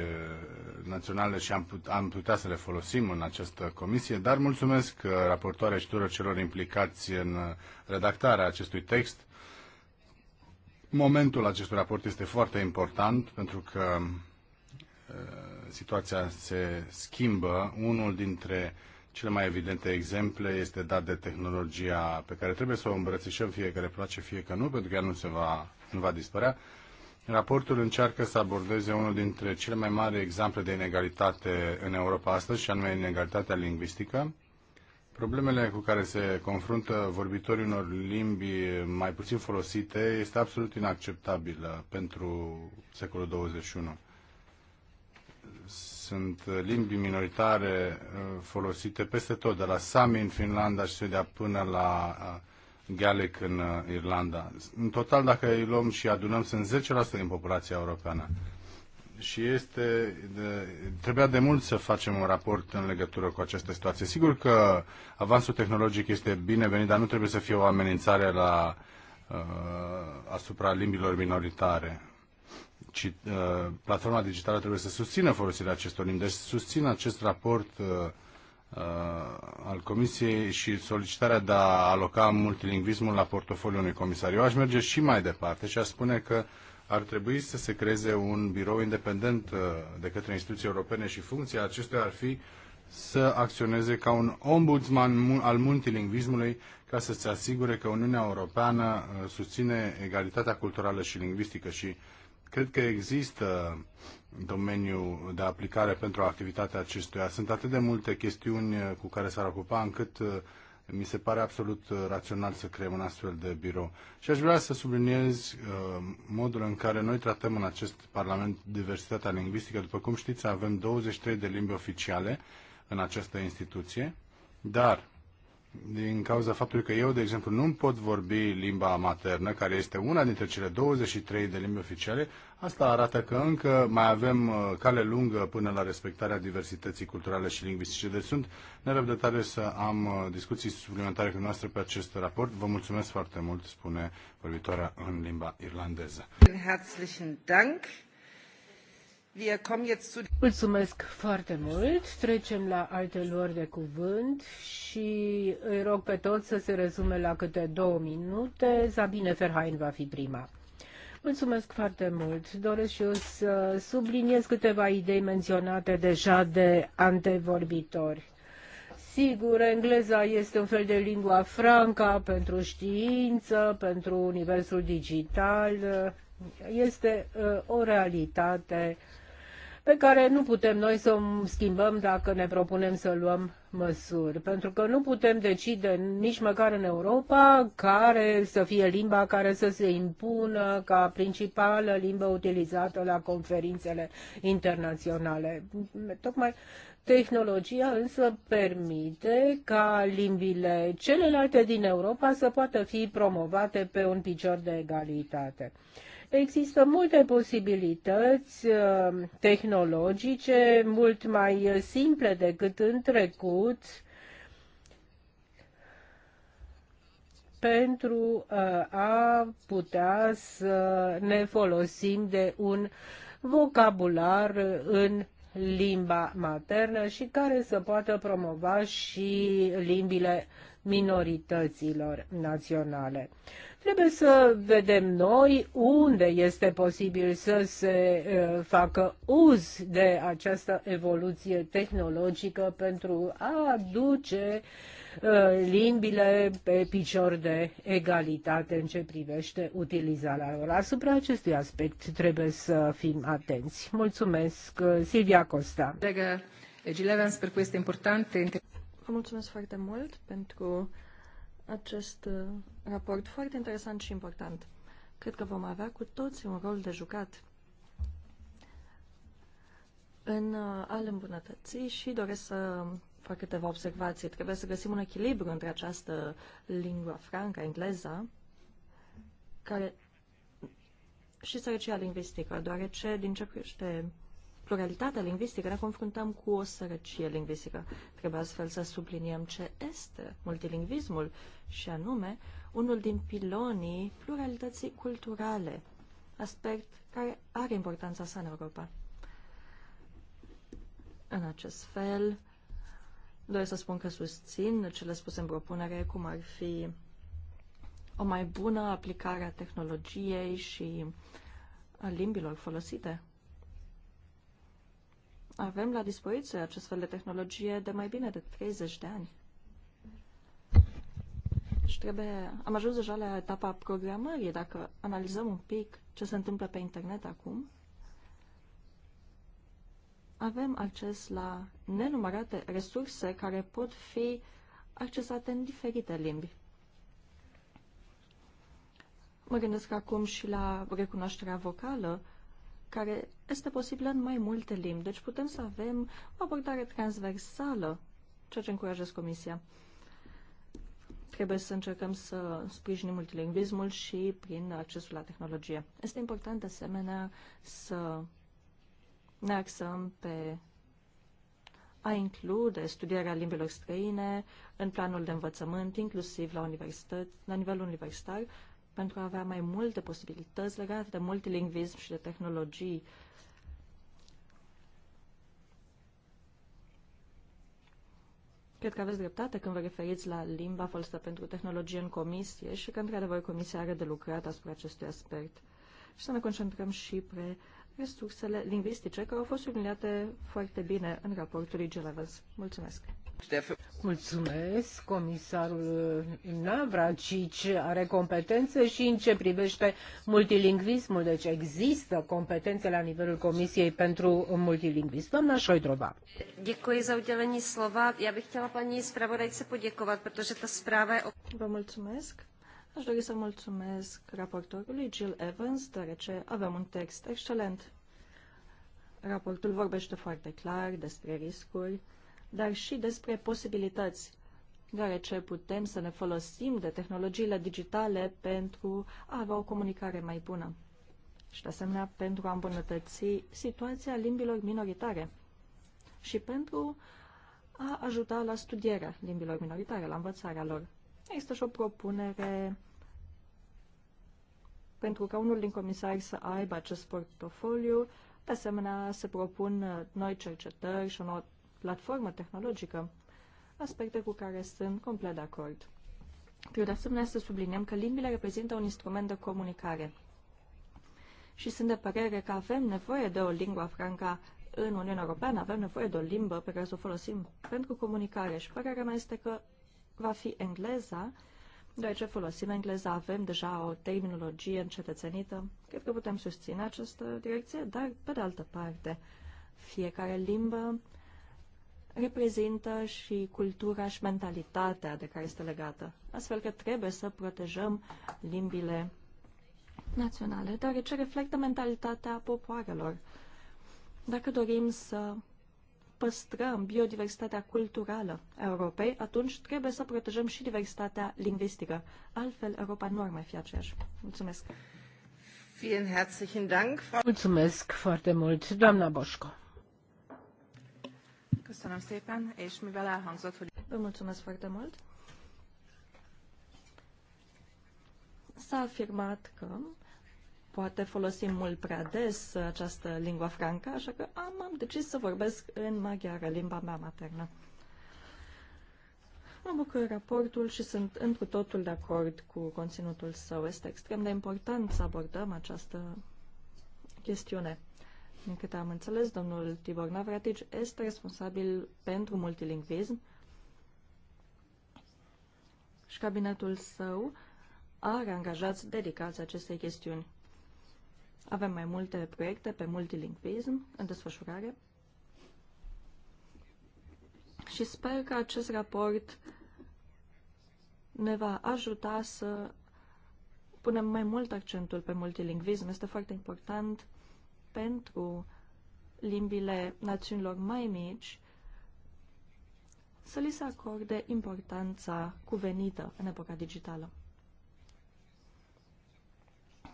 B: naționale și am, put, am putea să le folosim în această comisie, dar mulțumesc uh, raportoare și tuturor celor implicați în redactarea acestui text Momentul acestui raport este foarte important pentru că uh, situația se schimbă. Unul dintre cele mai evidente exemple este dat de tehnologia pe care trebuie să o îmbrățișăm, fie că le place, fie că nu, pentru că ea nu, se va, nu va dispărea. Raportul încearcă să abordeze unul dintre cele mai mari exemple de inegalitate în Europa astăzi, și anume inegalitatea lingvistică. Problemele cu care se confruntă vorbitorii unor limbi mai puțin folosite este absolut inacceptabilă pentru secolul 21. Sunt limbi minoritare uh, folosite peste tot, de la Sami în Finlanda și Suedia până la uh, Gaelic în uh, Irlanda. În total, dacă îi luăm și adunăm, sunt 10% din populația europeană și este de, trebuia de mult să facem un raport în legătură cu această situație. Sigur că avansul tehnologic este binevenit, dar nu trebuie să fie o amenințare la, uh, asupra limbilor minoritare. Ci, uh, platforma digitală trebuie să susțină folosirea acestor limbi. Deci susțin acest raport uh, uh, al Comisiei și solicitarea de a aloca multilingvismul la portofoliul unui comisar. Eu aș merge și mai departe și aș spune că ar trebui să se creeze un birou independent uh, de către instituții europene și funcția acestuia ar fi să acționeze ca un ombudsman al multilingvismului ca să se asigure că Uniunea Europeană uh, susține egalitatea culturală și lingvistică și cred că există domeniu de aplicare pentru activitatea acestuia. Sunt atât de multe chestiuni uh, cu care s-ar ocupa încât mi se pare absolut uh, rațional să creăm un astfel de birou. Și aș vrea să subliniez uh, modul în care noi tratăm în acest Parlament diversitatea lingvistică. După cum știți, avem 23 de limbi oficiale în această instituție, dar din cauza faptului că eu, de exemplu, nu pot vorbi limba maternă, care este una dintre cele 23 de limbi oficiale, asta arată că încă mai avem uh, cale lungă până la respectarea diversității culturale și lingvistice. Deci sunt nerăbdătare să am uh, discuții suplimentare cu noastră pe acest raport. Vă mulțumesc foarte mult, spune vorbitoarea în limba irlandeză.
A: Herzlichen Dank. Mulțumesc foarte mult. Trecem la alte luări de cuvânt și îi rog pe toți să se rezume la câte două minute. Zabine Ferhain va fi prima. Mulțumesc foarte mult. Doresc și eu să subliniez câteva idei menționate deja de antevorbitori. Sigur, engleza este un fel de lingua franca pentru știință, pentru universul digital. Este uh, o realitate uh, pe care nu putem noi să o schimbăm dacă ne propunem să luăm măsuri. Pentru că nu putem decide nici măcar în Europa care să fie limba care să se impună ca principală limbă utilizată la conferințele internaționale. Tocmai Tehnologia însă permite ca limbile celelalte din Europa să poată fi promovate pe un picior de egalitate. Există multe posibilități uh, tehnologice, mult mai simple decât în trecut, pentru uh, a putea să ne folosim de un vocabular în limba maternă și care să poată promova și limbile minorităților naționale. Trebuie să vedem noi unde este posibil să se facă uz de această evoluție tehnologică pentru a aduce limbile pe picior de egalitate în ce privește utilizarea lor. Asupra acestui aspect trebuie să fim atenți. Mulțumesc, Silvia Costa.
C: Vă mulțumesc foarte mult pentru acest raport foarte interesant și important. Cred că vom avea cu toți un rol de jucat în uh, a-l îmbunătăți și doresc să fac câteva observații. Trebuie să găsim un echilibru între această lingua franca, engleza, care și sărăcia lingvistică, deoarece din ce privește pluralitatea lingvistică ne confruntăm cu o sărăcie lingvistică. Trebuie astfel să subliniem ce este multilingvismul și anume unul din pilonii pluralității culturale, aspect care are importanța sa în Europa. În acest fel, doresc să spun că susțin cele spuse în propunere, cum ar fi o mai bună aplicare a tehnologiei și a limbilor folosite. Avem la dispoziție acest fel de tehnologie de mai bine de 30 de ani. Deci trebuie, am ajuns deja la etapa programării. Dacă analizăm un pic ce se întâmplă pe internet acum, avem acces la nenumărate resurse care pot fi accesate în diferite limbi. Mă gândesc acum și la recunoașterea vocală, care este posibilă în mai multe limbi. Deci putem să avem o abordare transversală, ceea ce încurajez Comisia trebuie să încercăm să sprijinim multilingvismul și prin accesul la tehnologie. Este important de asemenea să ne axăm pe a include studierea limbilor străine în planul de învățământ, inclusiv la, universități, la nivelul universitar, pentru a avea mai multe posibilități legate de multilingvism și de tehnologii Cred că aveți dreptate când vă referiți la limba folosită pentru tehnologie în comisie și că, într-adevăr, comisia are de lucrat asupra acestui aspect. Și să ne concentrăm și pe resursele lingvistice, care au fost subliniate foarte bine în raportul lui Gelevers. Mulțumesc!
A: Mulțumesc. Comisarul Navracici are competențe și în ce privește multilingvismul. Deci există competențe la nivelul Comisiei pentru multilingvism. Doamna Șoidrova.
C: Děkuji za udělení slova. Já bych chtěla paní zpravodajce poděkovat, protože ta zpráva je... Vă mulțumesc. Aș dori să mulțumesc raportorului Jill Evans, deoarece avem un text excelent. Raportul vorbește foarte clar despre riscuri, dar și despre posibilități, deoarece putem să ne folosim de tehnologiile digitale pentru a avea o comunicare mai bună și, de asemenea, pentru a îmbunătăți situația limbilor minoritare și pentru a ajuta la studierea limbilor minoritare, la învățarea lor. Există și o propunere pentru ca unul din comisari să aibă acest portofoliu. De asemenea, se propun noi cercetări și o nouă platformă tehnologică, aspecte cu care sunt complet de acord. Trebuie de asemenea să subliniem că limbile reprezintă un instrument de comunicare și sunt de părere că avem nevoie de o lingua franca în Uniunea Europeană, avem nevoie de o limbă pe care să o folosim pentru comunicare și părerea mea este că va fi engleza, deoarece folosim engleza, avem deja o terminologie încetățenită, cred că putem susține această direcție, dar pe de altă parte, fiecare limbă reprezintă și cultura și mentalitatea de care este legată. Astfel că trebuie să protejăm limbile naționale, deoarece reflectă mentalitatea popoarelor. Dacă dorim să păstrăm biodiversitatea culturală a Europei, atunci trebuie să protejăm și diversitatea lingvistică. Altfel, Europa nu ar mai fi aceeași. Mulțumesc!
A: Mulțumesc foarte mult, doamna Boșco!
C: Köszönöm szépen, és mivel elhangzott, hogy... Vă mulțumesc foarte mult. S-a afirmat că poate folosim mult prea des această lingua franca, așa că am, am decis să vorbesc în maghiară, limba mea maternă. Mă bucur raportul și sunt întru totul de acord cu conținutul său. Este extrem de important să abordăm această chestiune. Din câte am înțeles, domnul Tibor Navratic este responsabil pentru multilingvism și cabinetul său are angajați dedicați acestei chestiuni. Avem mai multe proiecte pe multilingvism în desfășurare și sper că acest raport ne va ajuta să punem mai mult accentul pe multilingvism. Este foarte important pentru limbile națiunilor mai mici să li se acorde importanța cuvenită în epoca digitală.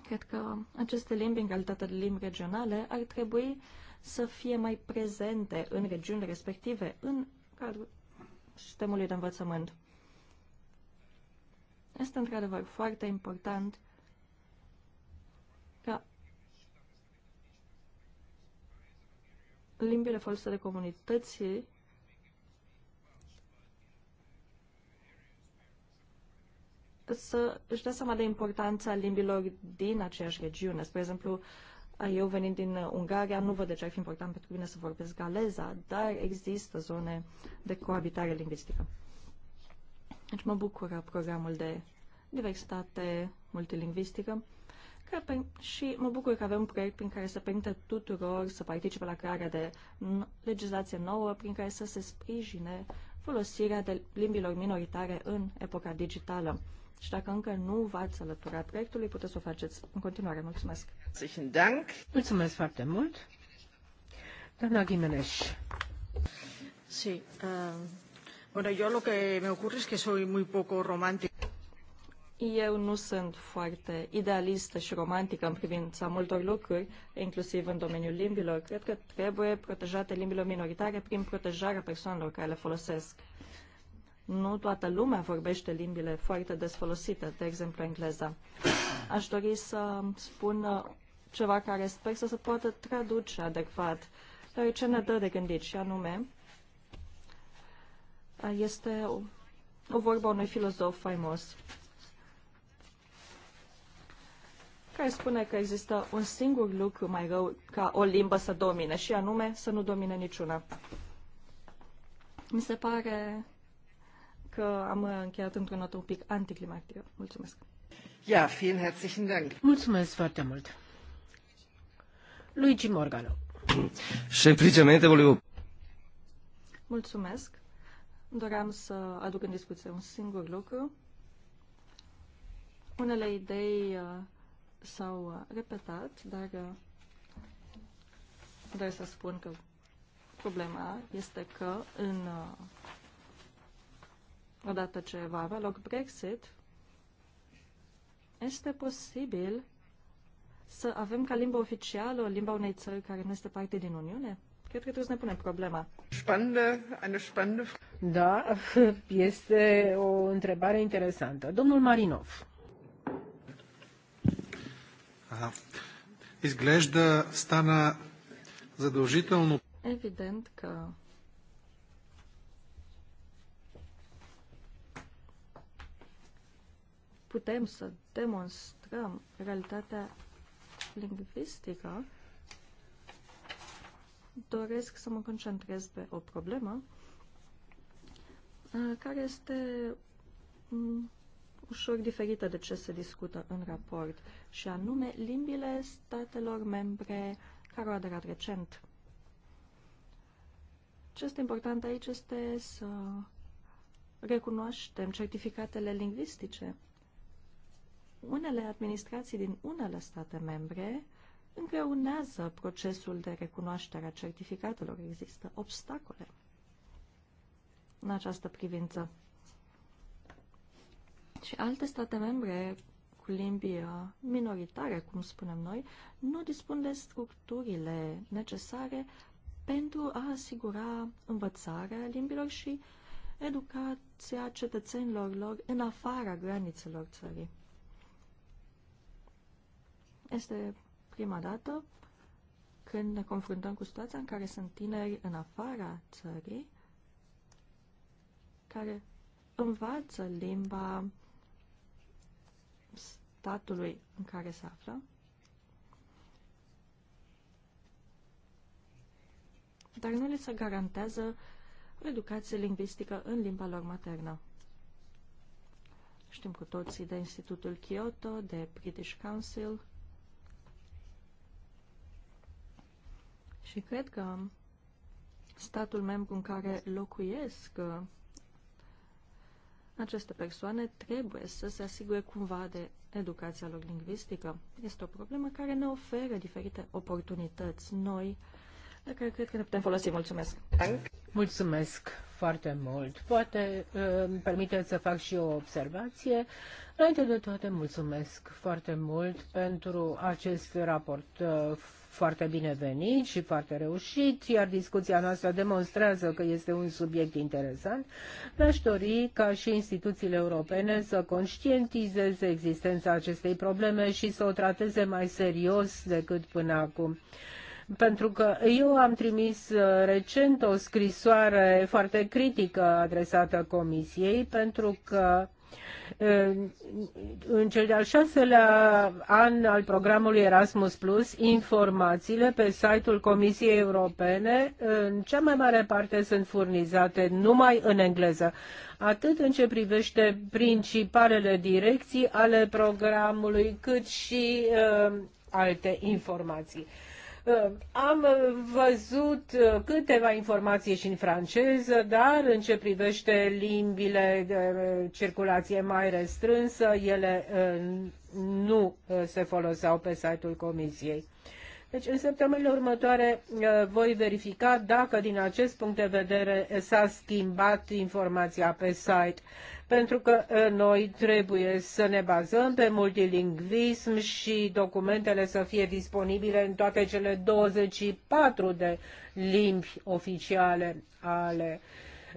C: Cred că aceste limbi, în calitate de limbi regionale, ar trebui să fie mai prezente în regiunile respective, în cadrul sistemului de învățământ. Este într-adevăr foarte important limbile folosite de comunități să își dea seama de importanța limbilor din aceeași regiune. Spre exemplu, eu venind din Ungaria, nu văd de ce ar fi important pentru mine să vorbesc galeza, dar există zone de coabitare lingvistică. Deci mă bucură programul de diversitate multilingvistică. Că, și mă bucur că avem un proiect prin care să permită tuturor să participe la crearea de legislație nouă, prin care să se sprijine folosirea de limbilor minoritare în epoca digitală. Și dacă încă nu v-ați alăturat proiectului, puteți să o faceți în continuare. Mulțumesc! Mulțumesc foarte mult! Doamna Ghimeneș! Sí. Uh, bueno, yo lo que me ocurre es que soy muy poco romántica. Eu nu sunt foarte idealistă și romantică în privința multor lucruri, inclusiv în domeniul limbilor. Cred că trebuie protejate limbile minoritare prin protejarea persoanelor care le folosesc. Nu toată lumea vorbește limbile foarte des folosite, de exemplu engleza. Aș dori să spun uh, ceva care sper să se poată traduce adecvat, ce ne dă de gândit și anume uh, este o, o vorbă unui filozof faimos care spune că există un singur lucru mai rău ca o limbă să domine, și anume să nu domine niciuna. Mi se pare că am încheiat într-o notă un pic anticlimactică. Mulțumesc!
A: Ja, vielen herzlichen Dank. Mulțumesc foarte mult! Luigi Morgano.
C: Semplicemente volevo... Mulțumesc! Doream să aduc în discuție un singur lucru. Unele idei uh, s-au uh, repetat, dar uh, vreau să spun că problema este că în uh, odată ce va avea loc Brexit, este posibil să avem ca limbă oficială o limba unei țări care nu este parte din Uniune? Cred că trebuie să ne punem problema. Spande, eine spande?
A: Da, este o întrebare interesantă. Domnul Marinov.
B: Изглежда стана задължително.
C: Evident că putem să demonstrăm realitatea lingvistică, doresc să mă concentrez pe o problemă uh, care este mm, ușor diferită de ce se discută în raport, și anume limbile statelor membre care au aderat recent. Ce este important aici este să recunoaștem certificatele lingvistice. Unele administrații din unele state membre îngreunează procesul de recunoaștere a certificatelor. Există obstacole în această privință. Și alte state membre cu limbi uh, minoritare, cum spunem noi, nu dispun de structurile necesare pentru a asigura învățarea limbilor și educația cetățenilor lor în afara granițelor țării. Este prima dată când ne confruntăm cu situația în care sunt tineri în afara țării care învață limba statului în care se află. Dar nu le se garantează o educație lingvistică în limba lor maternă. Știm cu toții de Institutul Kyoto, de British Council și cred că statul membru în care locuiesc aceste persoane trebuie să se asigure cumva de educația lor lingvistică. Este o problemă care ne oferă diferite oportunități noi de care cred că ne putem folosi. Mulțumesc!
A: Mulțumesc foarte mult! Poate îmi permiteți să fac și eu o observație. Înainte de toate, mulțumesc foarte mult pentru acest raport uh, foarte binevenit și foarte reușit, iar discuția noastră demonstrează că este un subiect interesant. Mi-aș dori ca și instituțiile europene să conștientizeze existența acestei probleme și să o trateze mai serios decât până acum pentru că eu am trimis uh, recent o scrisoare foarte critică adresată Comisiei, pentru că în cel de-al șaselea an al programului Erasmus Plus, informațiile pe site-ul Comisiei Europene în cea mai mare parte sunt furnizate numai în engleză, atât în ce privește principalele direcții ale programului, cât și uh, alte informații. Uh, am văzut uh, câteva informații și în franceză, dar în ce privește limbile de uh, circulație mai restrânsă, ele nu se foloseau pe site-ul Comisiei. Deci în săptămânile următoare voi verifica dacă din acest punct de vedere s-a schimbat informația pe site pentru că noi trebuie să ne bazăm pe multilingvism și documentele să fie disponibile în toate cele 24 de limbi oficiale ale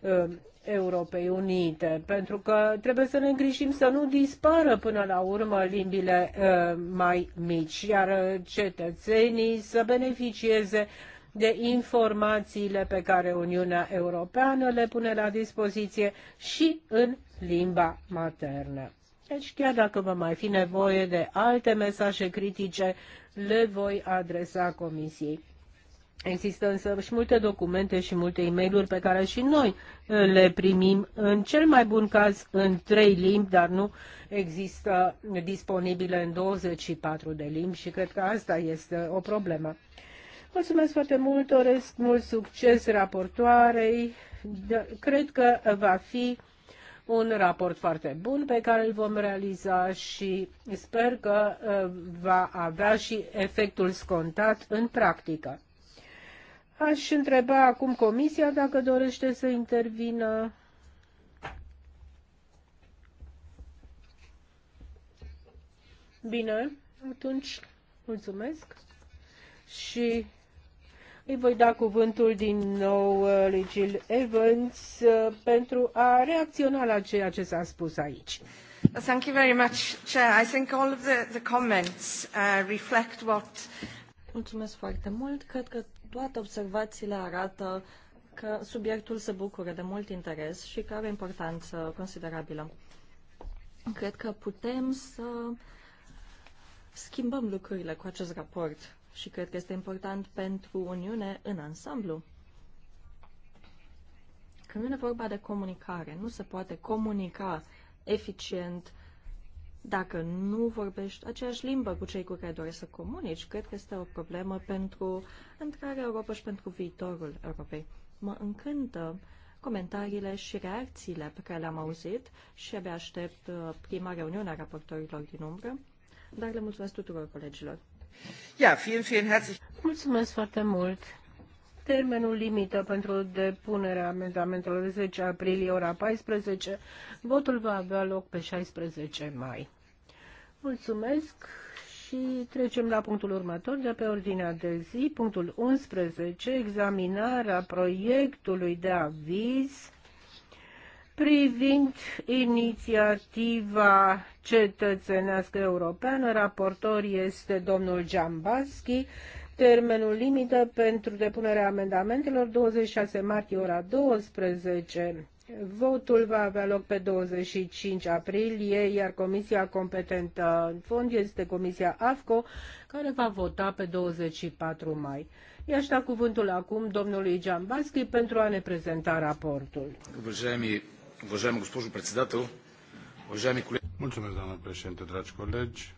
A: uh, Europei Unite, pentru că trebuie să ne îngrijim să nu dispară până la urmă limbile uh, mai mici, iar cetățenii să beneficieze uh, de informațiile pe care Uniunea Europeană le pune la dispoziție și în limba maternă. Deci chiar dacă vă mai fi nevoie de alte mesaje critice, le voi adresa Comisiei. Există însă și multe documente și multe e mail pe care și noi uh, le primim, în cel mai bun caz în trei limbi, dar nu există disponibile în 24 de limbi și cred că asta este o problemă. Mulțumesc foarte mult, doresc mult succes raportoarei. Da, cred că va fi un raport foarte bun pe care îl vom realiza și sper că uh, va avea și efectul scontat în practică. Aș întreba acum Comisia dacă dorește să intervină. Bine, atunci mulțumesc și îi voi da cuvântul din nou uh, lui Jill Evans uh, pentru a reacționa la ceea ce s-a spus aici. Thank
C: you very much, Chair. I think all of the, the comments uh, reflect what... Mulțumesc foarte mult. Cred că toate observațiile arată că subiectul se bucură de mult interes și că are importanță considerabilă. Cred că putem să schimbăm lucrurile cu acest raport și cred că este important pentru Uniune în ansamblu. Când vine vorba de comunicare, nu se poate comunica eficient dacă nu vorbești aceeași limbă cu cei cu care dorești să comunici. Cred că este o problemă pentru întreaga Europa și pentru viitorul Europei. Mă încântă comentariile și reacțiile pe care le-am auzit și abia aștept uh, prima reuniune a raportorilor din umbră, dar le mulțumesc tuturor colegilor. Ja, vielen, vielen herzlich. Mulțumesc foarte mult.
A: Termenul limită pentru
C: depunerea
A: amendamentelor 10 aprilie, ora 14. Votul va avea loc pe 16 mai. Mulțumesc și trecem la punctul următor de pe ordinea de zi, punctul 11, examinarea proiectului de aviz privind inițiativa cetățenească europeană. Raportor este domnul Giambaschi. Termenul limită pentru depunerea amendamentelor 26 martie ora 12. Votul va avea loc pe 25 aprilie, iar comisia competentă în fond este comisia AFCO, care va vota pe 24 mai. i da cuvântul acum domnului Giambaschi pentru a ne prezenta raportul.
B: Уважаема госпожо председател, уважаеми колеги. Mulțumesc, doamnă președinte, dragi colegi.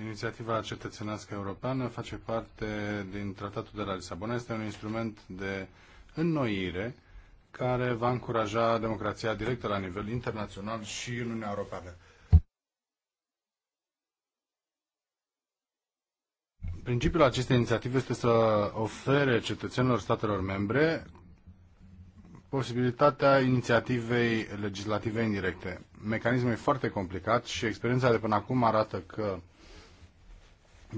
B: Inițiativa cetățenească europeană face parte din Tratatul de la Lisabona. Este un instrument de înnoire care va încuraja democrația directă la nivel internațional și în Uniunea Europeană. Principiul acestei inițiative este să ofere cetățenilor statelor membre posibilitatea inițiativei legislative indirecte. Mecanismul e foarte complicat și experiența de până acum arată că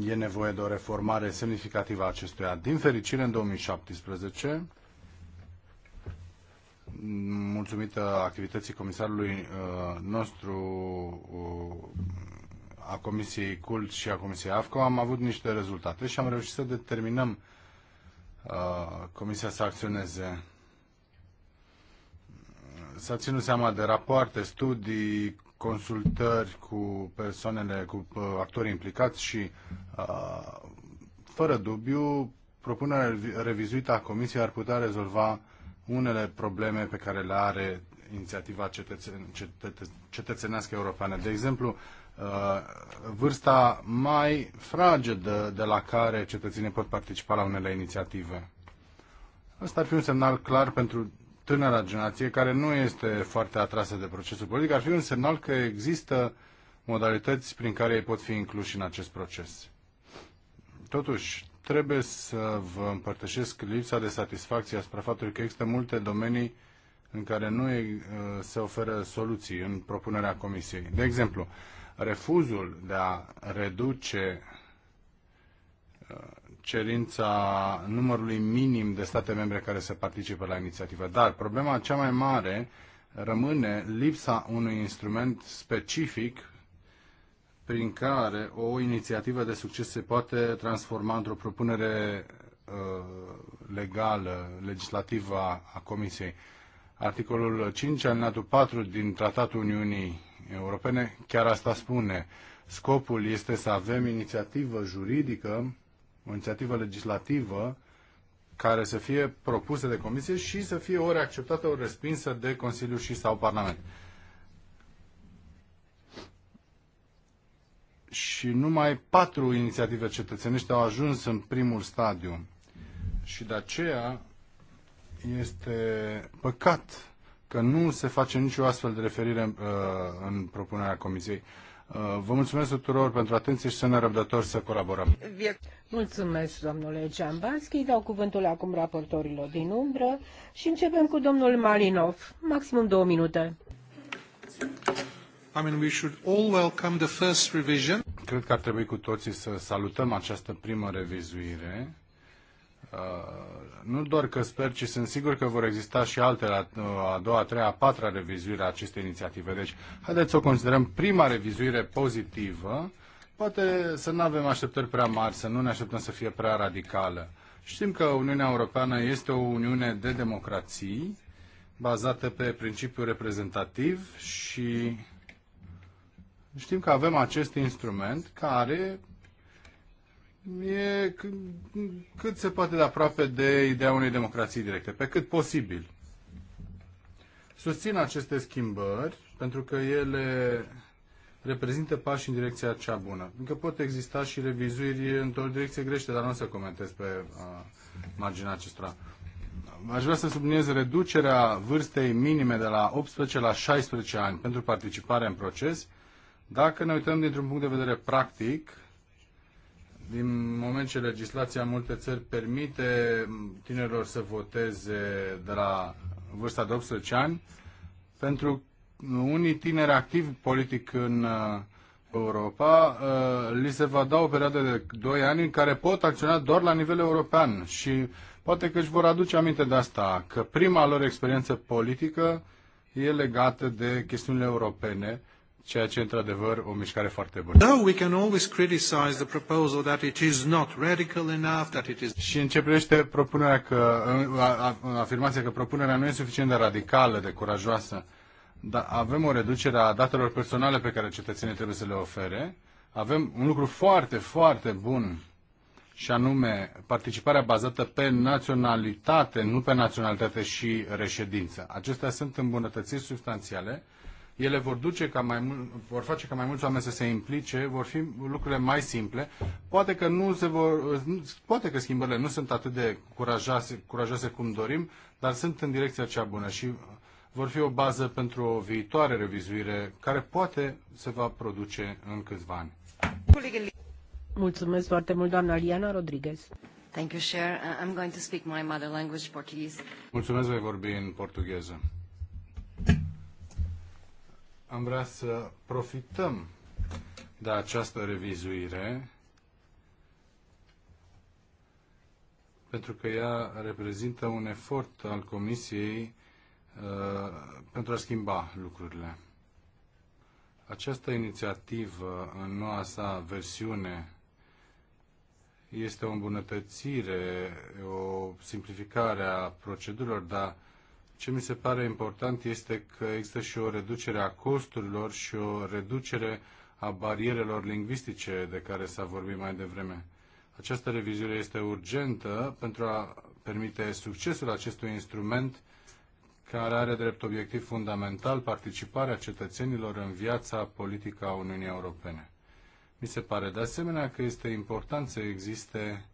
B: e nevoie de o reformare semnificativă a acestuia. Din fericire, în 2017, mulțumită activității comisarului uh, nostru uh, a Comisiei CULT și a Comisiei AFCO, am avut niște rezultate și am reușit să determinăm uh, Comisia să acționeze s-a ținut seama de rapoarte, studii, consultări cu persoanele, cu uh, actorii implicați și, uh, fără dubiu, propunerea revizuită a Comisiei ar putea rezolva unele probleme pe care le are inițiativa cetățen, cetățenească europeană. De exemplu, uh, vârsta mai fragedă de la care cetățenii pot participa la unele inițiative. Asta ar fi un semnal clar pentru tânăra generație care nu este foarte atrasă de procesul politic, ar fi un semnal că există modalități prin care ei pot fi incluși în acest proces. Totuși, trebuie să vă împărtășesc lipsa de satisfacție asupra faptului că există multe domenii în care nu uh, se oferă soluții în propunerea Comisiei. De exemplu, refuzul de a reduce uh, cerința numărului minim de state membre care se participă la inițiativă. Dar problema cea mai mare rămâne lipsa unui instrument specific prin care o inițiativă de succes se poate transforma într-o propunere uh, legală, legislativă a Comisiei. Articolul 5, alinatul 4 din Tratatul Uniunii Europene, chiar asta spune. Scopul este să avem inițiativă juridică o inițiativă legislativă care să fie propusă de comisie și să fie ori acceptată, ori respinsă de Consiliu și sau Parlament. Și numai patru inițiative cetățenești au ajuns în primul stadiu. Și de aceea este păcat că nu se face nicio astfel de referire în, uh, în propunerea comisiei. Uh, vă mulțumesc tuturor pentru atenție și ne nerăbdător să colaborăm.
A: Mulțumesc, domnule Giambanski. Dau cuvântul acum raportorilor din umbră și începem cu domnul Malinov. Maximum două minute.
B: I mean, we should all welcome the first revision. Cred că ar trebui cu toții să salutăm această primă revizuire Uh, nu doar că sper, ci sunt sigur că vor exista și alte, la uh, a doua, a treia, a patra revizuire a acestei inițiative. Deci, haideți să o considerăm prima revizuire pozitivă, poate să nu avem așteptări prea mari, să nu ne așteptăm să fie prea radicală. Știm că Uniunea Europeană este o uniune de democrații, bazată pe principiul reprezentativ și știm că avem acest instrument care e cât se poate de aproape de ideea unei democrații directe, pe cât posibil. Susțin aceste schimbări pentru că ele reprezintă pași în direcția cea bună. Încă pot exista și revizuiri într-o direcție greșită, dar nu o să comentez pe uh, marginea acestora. Aș vrea să subliniez reducerea vârstei minime de la 18 la 16 ani pentru participare în proces. Dacă ne uităm dintr-un punct de vedere practic, din moment ce legislația în multe țări permite tinerilor să voteze de la vârsta de 18 ani, pentru unii tineri activi politic în uh, Europa, uh, li se va da o perioadă de 2 ani în care pot acționa doar la nivel european și poate că își vor aduce aminte de asta, că prima lor experiență politică e legată de chestiunile europene ceea ce într-adevăr o mișcare foarte bună. Though we can always criticize the proposal that it is not radical enough, that it is... Și în ce privește propunerea că, afirmația că propunerea nu e suficient de radicală, de curajoasă, dar avem o reducere a datelor personale pe care cetățenii trebuie să le ofere, avem un lucru foarte, foarte bun și anume participarea bazată pe naționalitate, nu pe naționalitate și reședință. Acestea sunt îmbunătățiri substanțiale ele vor, duce ca mai mul- vor face ca mai mulți oameni să se implice, vor fi lucrurile mai simple. Poate că, nu se vor, poate că schimbările nu sunt atât de curajoase, curajoase cum dorim, dar sunt în direcția cea bună și vor fi o bază pentru o viitoare revizuire care poate se va produce în câțiva ani.
A: Mulțumesc foarte mult, doamna Liana Rodriguez. Thank you, Cher. Uh, I'm going to speak my
C: mother language, Portuguese.
B: Mulțumesc, voi vorbi în portugheză am vrea să profităm de această revizuire pentru că ea reprezintă un efort al Comisiei uh, pentru a schimba lucrurile. Această inițiativă în noua sa versiune este o îmbunătățire, o simplificare a procedurilor, dar ce mi se pare important este că există și o reducere a costurilor și o reducere a barierelor lingvistice de care s-a vorbit mai devreme. Această revizuire este urgentă pentru a permite succesul acestui instrument care are drept obiectiv fundamental participarea cetățenilor în viața politică a Uniunii Europene. Mi se pare de asemenea că este important să existe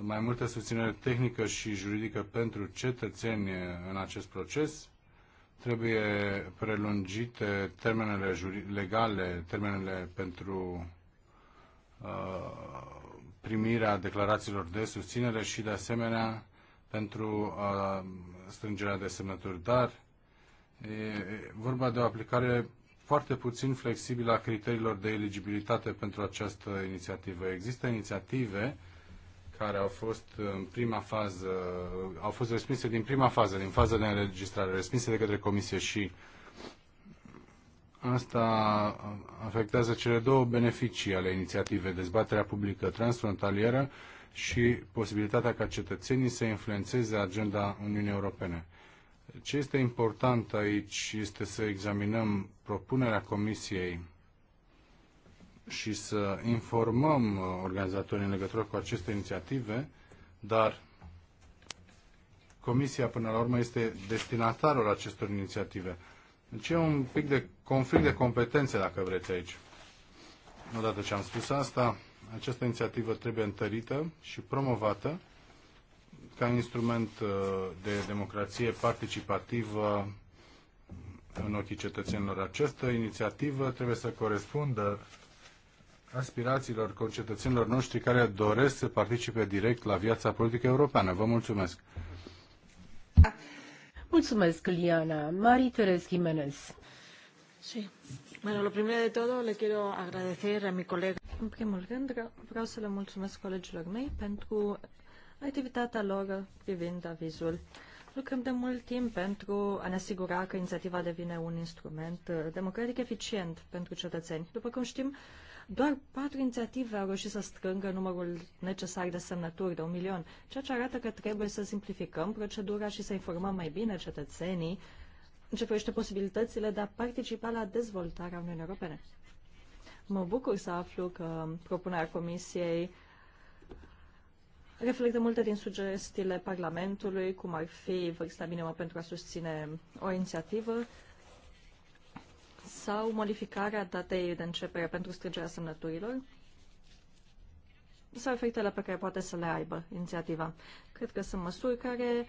B: mai multă susținere tehnică și juridică pentru cetățeni în acest proces. Trebuie prelungite termenele legale, termenele pentru uh, primirea declarațiilor de susținere și, de asemenea, pentru uh, strângerea de semnături. Dar e vorba de o aplicare foarte puțin flexibilă a criteriilor de eligibilitate pentru această inițiativă. Există inițiative uh, care au fost în prima fază, au fost respinse din prima fază, din faza de înregistrare, respinse de către comisie și asta afectează cele două beneficii ale inițiativei, dezbaterea publică transfrontalieră și posibilitatea ca cetățenii să influențeze agenda Uniunii Europene. Ce este important aici este să examinăm propunerea Comisiei și să informăm uh, organizatorii în legătură cu aceste inițiative, dar Comisia până la urmă este destinatarul acestor inițiative. Deci e un pic de conflict de competențe, dacă vreți, aici. Odată ce am spus asta, această inițiativă trebuie întărită și promovată ca instrument uh, de democrație participativă în ochii cetățenilor. Această inițiativă trebuie să corespundă aspirațiilor concetățenilor noștri care doresc să participe direct la viața politică europeană. Vă mulțumesc!
A: Mulțumesc, Liana. Mari Teres Jiménez.
C: Sí. Bueno, lo primero de todo le quiero agradecer a mi colega. În primul rând, vreau să le mulțumesc colegilor mei pentru activitatea lor privind avizul. Lucrăm de mult timp pentru a ne asigura că inițiativa devine un instrument uh, democratic eficient pentru cetățeni. După cum știm, doar patru inițiative au reușit să strângă numărul necesar de semnături de un milion, ceea ce arată că trebuie să simplificăm procedura și să informăm mai bine cetățenii în ce privește posibilitățile de a participa la dezvoltarea Uniunii Europene. Mă bucur să aflu că propunerea Comisiei reflectă multe din sugestiile Parlamentului, cum ar fi vârsta minimă pentru a susține o inițiativă sau modificarea datei de începere pentru strângerea semnăturilor sau efectele pe care poate să le aibă inițiativa. Cred că sunt măsuri care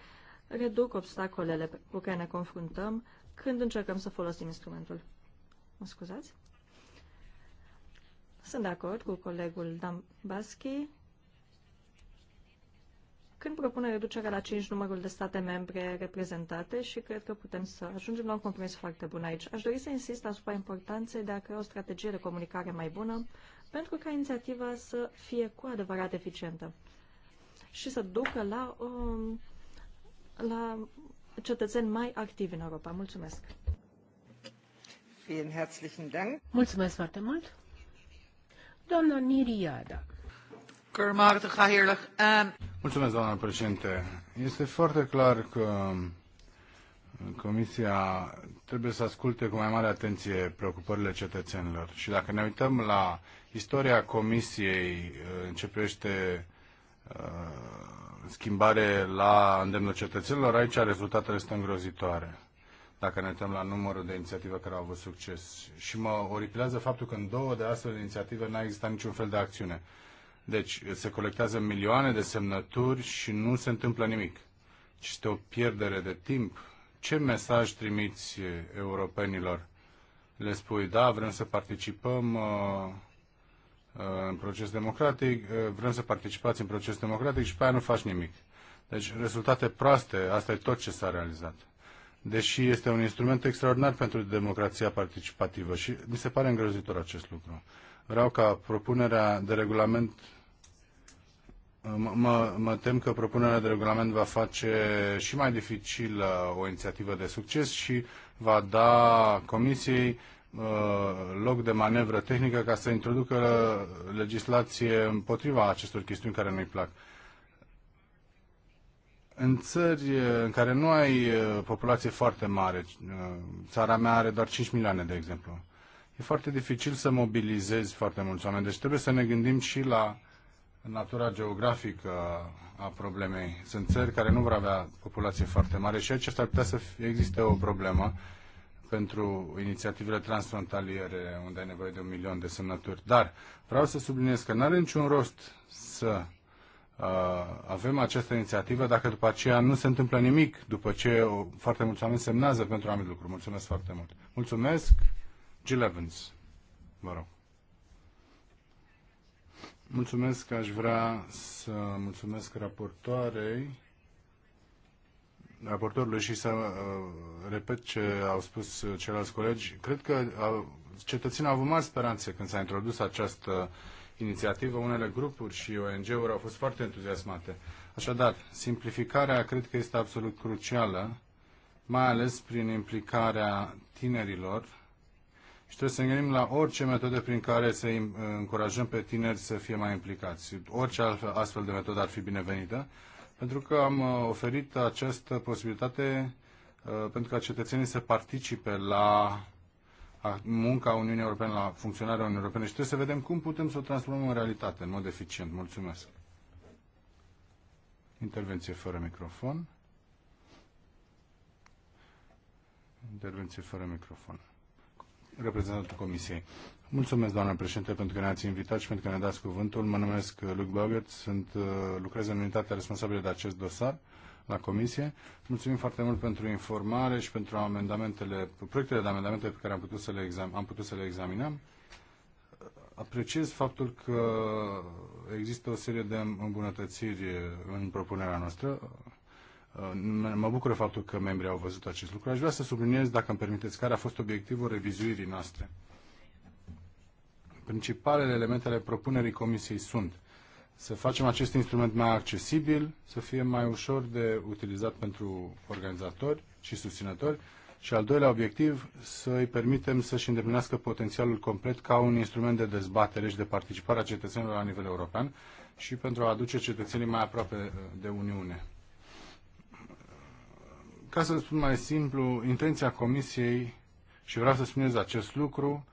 C: reduc obstacolele cu care ne confruntăm când încercăm să folosim instrumentul. Mă scuzați? Sunt de acord cu colegul Dan Baschi când propune reducerea la 5 numărul de state membre reprezentate și cred că putem să ajungem la un compromis foarte bun aici. Aș dori să insist asupra importanței de a crea o strategie de comunicare mai bună pentru ca inițiativa să fie cu adevărat eficientă și să ducă la, um, la cetățeni mai activi în Europa. Mulțumesc! Mulțumesc foarte mult! Doamna Niriada.
A: Ehm,
B: Mulțumesc, doamnă președinte. Este foarte clar că um, Comisia trebuie să asculte cu mai mare atenție preocupările cetățenilor. Și dacă ne uităm la istoria Comisiei, uh, începește uh, schimbare la îndemnul cetățenilor, aici rezultatele sunt îngrozitoare. Dacă ne uităm la numărul de inițiative care au avut succes. Și mă oripilează faptul că în două de astfel de inițiative n-a existat niciun fel de acțiune. Deci se colectează milioane de semnături și nu se întâmplă nimic. Și este o pierdere de timp. Ce mesaj trimiți europenilor? Le spui, da, vrem să participăm uh, uh în proces democratic, uh, vrem să participați în proces democratic și pe aia nu faci nimic. Deci rezultate proaste, asta e tot ce s-a realizat. Deși este un instrument extraordinar pentru democrația participativă și mi se pare îngrozitor acest lucru. Vreau ca propunerea de regulament Mă, mă tem că propunerea de regulament va face și mai dificil uh, o inițiativă de succes și va da Comisiei uh, loc de manevră tehnică ca să introducă legislație împotriva acestor chestiuni care nu-i plac. În țări uh, în care nu ai populație foarte mare, țara mea are doar 5 milioane, de exemplu, e foarte dificil să mobilizezi foarte mulți oameni. Deci trebuie să ne gândim și la natura geografică a problemei. Sunt țări care nu vor avea populație foarte mare și aici ar putea să existe o problemă pentru inițiativele transfrontaliere unde ai nevoie de un milion de semnături. Dar vreau să subliniez că nu are niciun rost să uh, avem această inițiativă dacă după aceea nu se întâmplă nimic, după ce o, foarte mulți oameni semnează pentru anumite lucruri. Mulțumesc foarte mult. Mulțumesc. Jill Evans, vă rog. Mulțumesc, aș vrea să mulțumesc raportoarei, raportorului și să uh, repet ce au spus ceilalți colegi. Cred că uh, cetățenii au avut mari speranțe când s-a introdus această inițiativă. Unele grupuri și ONG-uri au fost foarte entuziasmate. Așadar, simplificarea cred că este absolut crucială, mai ales prin implicarea tinerilor și trebuie să ne gândim la orice metodă prin care să uh, încurajăm pe tineri să fie mai implicați. Orice astfel de metodă ar fi binevenită, pentru că am uh, oferit această posibilitate uh, pentru ca cetățenii să participe la munca Uniunii Europene, la funcționarea Uniunii Europene și trebuie să vedem cum putem să o transformăm în realitate, în mod eficient. Mulțumesc. Intervenție fără microfon. Intervenție fără microfon reprezentantul Comisiei. Mulțumesc, doamnă președinte, pentru că ne-ați invitat și pentru că ne dați cuvântul. Mă numesc uh, Luc Bogert, sunt, uh, lucrez în unitatea responsabilă de acest dosar la Comisie. Mulțumim foarte mult pentru informare și pentru amendamentele, proiectele de amendamente pe care am putut să le, exam, am putut să le examinăm. Apreciez faptul că există o serie de îmbunătățiri în propunerea noastră. Mă bucur faptul că membrii au văzut acest lucru. Aș vrea să subliniez, dacă îmi permiteți, care a fost obiectivul revizuirii noastre. Principalele elemente ale propunerii Comisiei sunt să facem acest instrument mai accesibil, să fie mai ușor de utilizat pentru organizatori și susținători și al doilea obiectiv, să îi permitem să-și îndeplinească potențialul complet ca un instrument de dezbatere și de participare a cetățenilor la nivel european și pentru a aduce cetățenii mai aproape de Uniune. Ca să spun mai simplu, intenția Comisiei, și vreau să spunez acest lucru,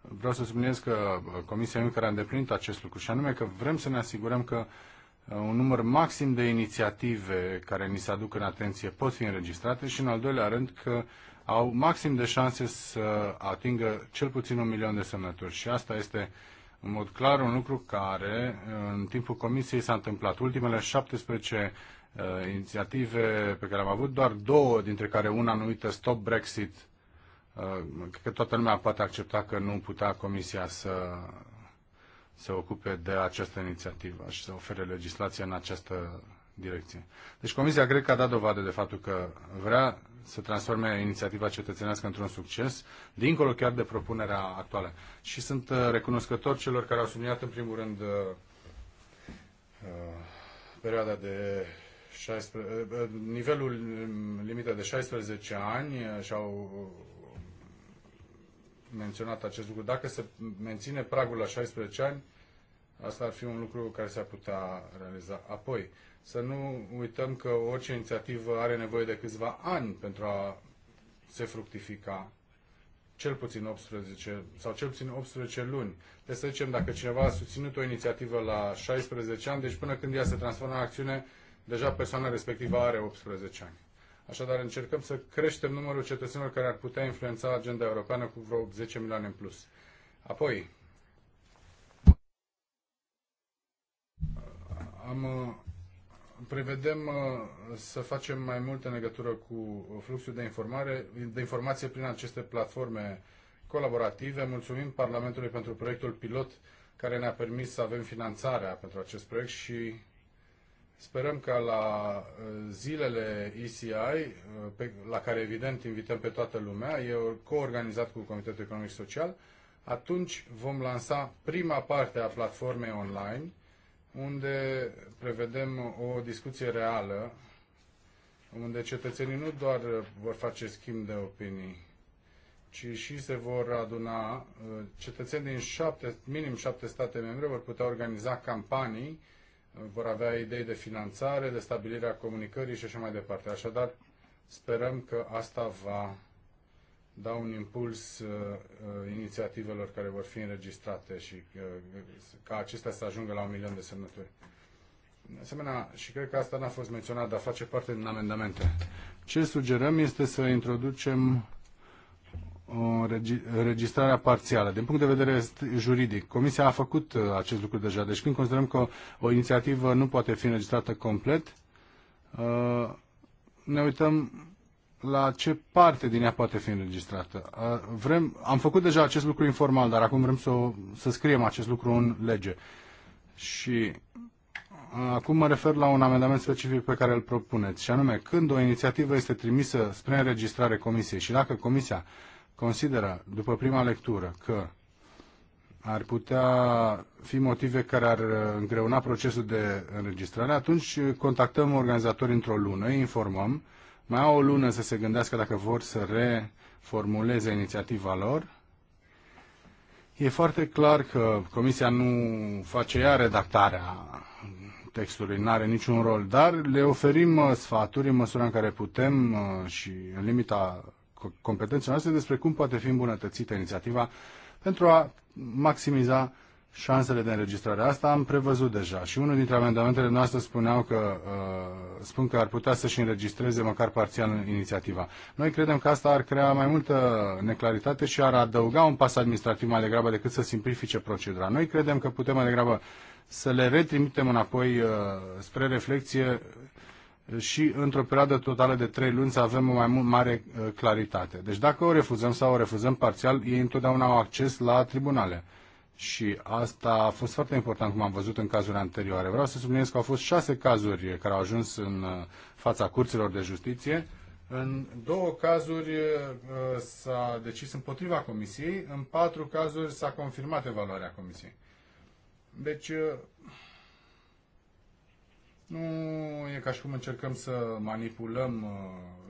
B: vreau să subliniez că uh, Comisia care a îndeplinit acest lucru și anume că vrem să ne asigurăm că uh, un număr maxim de inițiative care ni se aduc în atenție pot fi înregistrate și, în al doilea rând, că au maxim de șanse să atingă cel puțin un milion de semnături. Și asta este, în mod clar, un lucru care, uh, în timpul Comisiei, s-a întâmplat. Ultimele 17 Uh, inițiative pe care am avut, doar două, dintre care una numită Stop Brexit, uh, cred că toată lumea poate accepta că nu putea Comisia să se ocupe de această inițiativă și să ofere legislație în această direcție. Deci Comisia cred că a dat dovadă de faptul că vrea să transforme inițiativa cetățenească într-un succes, dincolo chiar de propunerea actuală. Și sunt uh, recunoscător celor care au subliniat în primul rând perioada de 16, eh, eh, nivelul mm, limită de 16 ani eh, și au mm, menționat acest lucru. Dacă se menține pragul la 16 ani, asta ar fi un lucru care s-ar putea realiza. Apoi, să nu uităm că orice inițiativă are nevoie de câțiva ani pentru a se fructifica cel puțin 18 sau cel puțin 18 luni. Deci să zicem, dacă cineva a susținut o inițiativă la 16 ani, deci până când ea se transformă în acțiune, deja persoana respectivă are 18 ani. Așadar, încercăm să creștem numărul cetățenilor care ar putea influența agenda europeană cu vreo 10 milioane în plus. Apoi, am, uh, prevedem uh, să facem mai multe legătură cu fluxul de, informare, de informație prin aceste platforme colaborative. Mulțumim Parlamentului pentru proiectul pilot care ne-a permis să avem finanțarea pentru acest proiect și Sperăm ca la uh, zilele ECI, uh, pe, la care evident invităm pe toată lumea, e coorganizat cu Comitetul Economic Social, atunci vom lansa prima parte a platformei online, unde prevedem o discuție reală, unde cetățenii nu doar uh, vor face schimb de opinii, ci și se vor aduna cetățeni din șapte, minim șapte state membre, vor putea organiza campanii vor avea idei de finanțare, de stabilirea comunicării și așa mai departe. Așadar, sperăm că asta va da un impuls uh, uh, inițiativelor care vor fi înregistrate și uh, ca acestea să ajungă la un milion de semnături. De asemenea, și cred că asta n-a fost menționat, dar face parte din amendamente. Ce sugerăm este să introducem o registrare parțială. Din punct de vedere juridic, Comisia a făcut uh, acest lucru deja. Deci când considerăm că o inițiativă nu poate fi înregistrată complet, uh, ne uităm la ce parte din ea poate fi înregistrată. Uh, vrem, am făcut deja acest lucru informal, dar acum vrem să, să scriem acest lucru în lege. Și acum mă refer la un amendament specific pe care îl propuneți, și anume, când o inițiativă este trimisă spre înregistrare Comisiei și dacă Comisia consideră, după prima lectură, că ar putea fi motive care ar îngreuna procesul de înregistrare, atunci contactăm organizatorii într-o lună, îi informăm, mai au o lună să se gândească dacă vor să reformuleze inițiativa lor. E foarte clar că Comisia nu face ea redactarea textului, nu are niciun rol, dar le oferim uh, sfaturi în măsura în care putem uh, și în limita competențele noastre despre cum poate fi îmbunătățită inițiativa pentru a maximiza șansele de înregistrare. Asta am prevăzut deja și unul dintre amendamentele noastre spuneau că, uh, spun că ar putea să-și înregistreze măcar parțial inițiativa. Noi credem că asta ar crea mai multă neclaritate și ar adăuga un pas administrativ mai degrabă decât să simplifice procedura. Noi credem că putem mai degrabă să le retrimitem înapoi uh, spre reflexie și într-o perioadă totală de trei luni să avem o mai mare uh, claritate. Deci dacă o refuzăm sau o refuzăm parțial, ei întotdeauna au acces la tribunale. Și asta a fost foarte important, cum am văzut în cazuri anterioare. Vreau să subliniez că au fost șase cazuri care au ajuns în uh, fața curților de justiție. În două cazuri uh, s-a decis împotriva comisiei, în patru cazuri s-a confirmat evaluarea comisiei. Deci nu e ca și cum încercăm să manipulăm uh,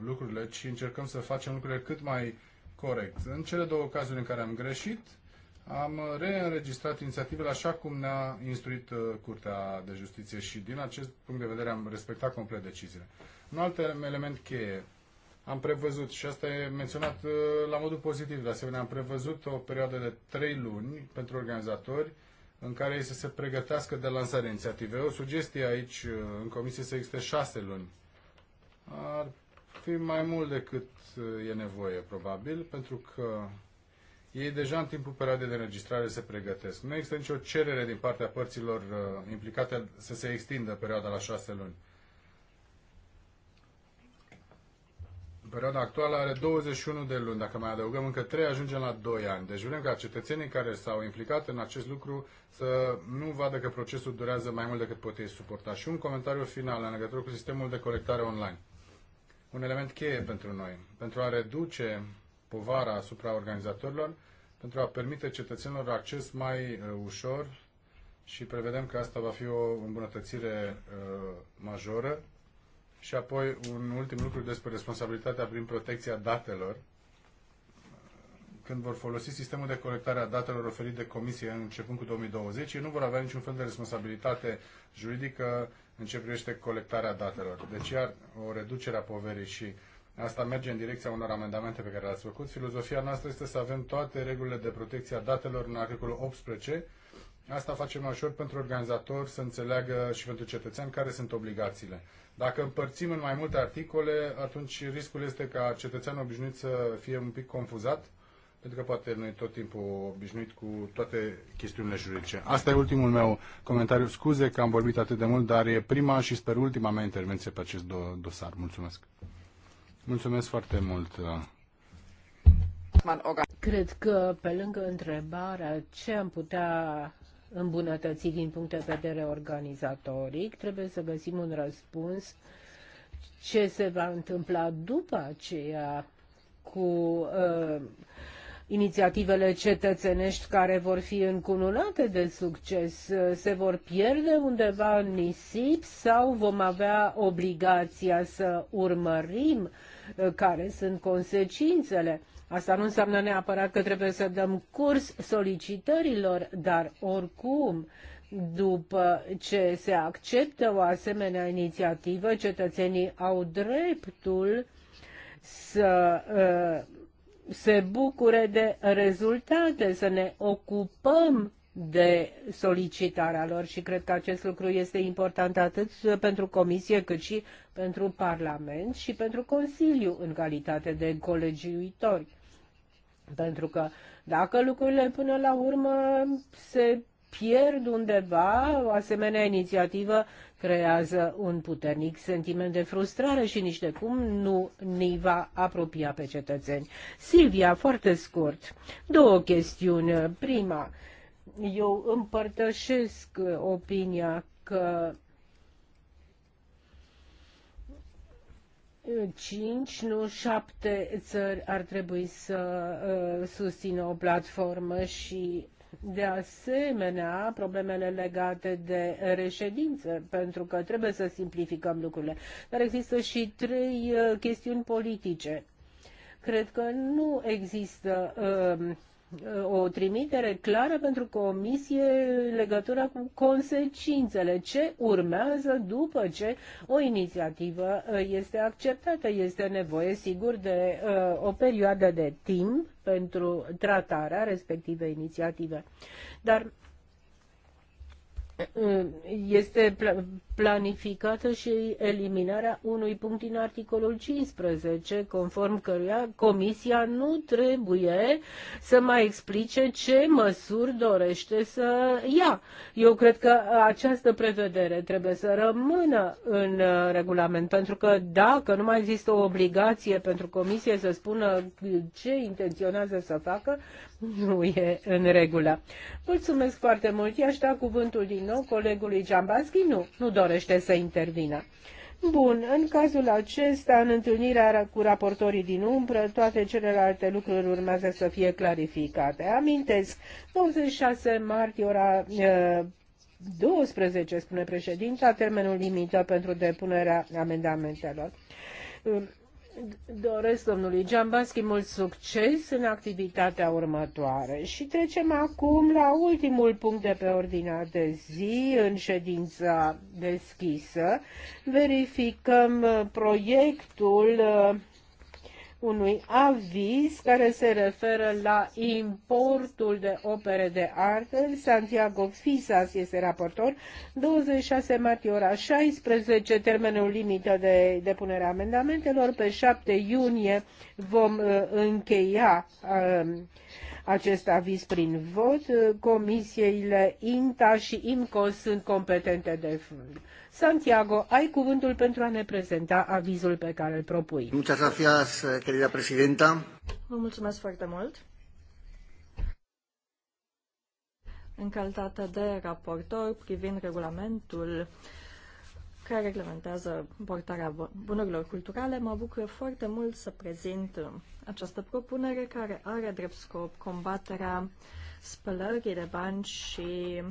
B: lucrurile, ci încercăm să facem lucrurile cât mai corect. În cele două cazuri în care am greșit, am reînregistrat inițiativele așa cum ne-a instruit uh, Curtea de Justiție și din acest punct de vedere am respectat complet deciziile. Un alt element cheie, am prevăzut, și asta e menționat uh, la modul pozitiv, de asemenea, am prevăzut o perioadă de trei luni pentru organizatori în care ei să se pregătească de lansarea inițiative. O sugestie aici, uh, în comisie, să existe șase luni. Ar fi mai mult decât uh, e nevoie, probabil, pentru că ei deja în timpul perioadei de înregistrare se pregătesc. Nu există nicio cerere din partea părților uh, implicate să se extindă perioada la șase luni. perioada actuală are 21 de luni. Dacă mai adăugăm încă 3, ajungem la 2 ani. Deci vrem ca cetățenii care s-au implicat în acest lucru să nu vadă că procesul durează mai mult decât pot ei suporta. Și un comentariu final în legătură cu sistemul de colectare online. Un element cheie pentru noi, pentru a reduce povara asupra organizatorilor, pentru a permite cetățenilor acces mai uh, ușor și prevedem că asta va fi o îmbunătățire uh, majoră și apoi un ultim lucru despre responsabilitatea prin protecția datelor. Când vor folosi sistemul de colectare a datelor oferit de comisie începând cu 2020, ei nu vor avea niciun fel de responsabilitate juridică în ce privește colectarea datelor. Deci iar o reducere a poverii și asta merge în direcția unor amendamente pe care le-ați făcut. Filozofia noastră este să avem toate regulile de protecție a datelor în articolul 18 Asta face mai ușor pentru organizator să înțeleagă și pentru cetățean care sunt obligațiile. Dacă împărțim în mai multe articole, atunci riscul este ca cetățeanul obișnuit să fie un pic confuzat, pentru că poate nu e tot timpul obișnuit cu toate chestiunile juridice. Asta e ultimul meu comentariu. Scuze că am vorbit atât de mult, dar e prima și sper ultima mea intervenție pe acest dosar. Mulțumesc. Mulțumesc foarte mult.
A: Cred că pe lângă întrebarea ce am putea îmbunătăți din punct de vedere organizatoric. Trebuie să găsim un răspuns ce se va întâmpla după aceea cu uh, inițiativele cetățenești care vor fi încununate de succes uh, se vor pierde undeva în nisip sau vom avea obligația să urmărim uh, care sunt consecințele. Asta nu înseamnă neapărat că trebuie să dăm curs solicitărilor, dar oricum, după ce se acceptă o asemenea inițiativă, cetățenii au dreptul să uh, se bucure de rezultate, să ne ocupăm de solicitarea lor și cred că acest lucru este important atât pentru Comisie cât și pentru Parlament și pentru Consiliu în calitate de colegiuitori. Pentru că dacă lucrurile până la urmă se pierd undeva, o asemenea inițiativă creează un puternic sentiment de frustrare și nici de cum nu ne va apropia pe cetățeni. Silvia, foarte scurt, două chestiuni. Prima, eu împărtășesc opinia că 5, nu 7 țări ar trebui să uh, susțină o platformă și de asemenea problemele legate de reședință, pentru că trebuie să simplificăm lucrurile. Dar există și trei uh, chestiuni politice. Cred că nu există uh, o trimitere clară pentru comisie în legătură cu consecințele, ce urmează după ce o inițiativă uh, este acceptată. Este nevoie, sigur, de uh, o perioadă de timp pentru tratarea respectivei inițiative. Dar uh, este planificată și eliminarea unui punct din articolul 15, conform căruia Comisia nu trebuie să mai explice ce măsuri dorește să ia. Eu cred că această prevedere trebuie să rămână în uh, regulament, pentru că dacă nu mai există o obligație pentru Comisie să spună ce intenționează să facă, nu e în regulă. Mulțumesc foarte mult. I-aș da cuvântul din nou colegului Giambaschi? Nu, nu doar dorește să intervină. Bun, în cazul acesta, în întâlnirea cu raportorii din umbră, toate celelalte lucruri urmează să fie clarificate. Amintesc, 26 martie, ora 12, spune președinta, termenul limită pentru depunerea amendamentelor doresc domnului Giambaschi mult succes în activitatea următoare și trecem acum la ultimul punct de pe ordinea de zi în ședința deschisă. Verificăm uh, proiectul uh, unui aviz care se referă la importul de opere de artă. Santiago Fisas este raportor. 26 martie ora 16, termenul limită de depunere a amendamentelor. Pe 7 iunie vom uh, încheia uh, acest aviz prin vot. Comisiile INTA și IMCO sunt competente de fund. Santiago, ai cuvântul pentru a ne prezenta avizul pe care
C: îl propui. Muchas gracias, eh, querida presidenta. Vă mulțumesc foarte mult. În calitate de raportor privind regulamentul uh, care reglementează portarea bunurilor culturale, mă bucur foarte mult să prezint uh, această propunere care are drept scop combaterea spălării de bani și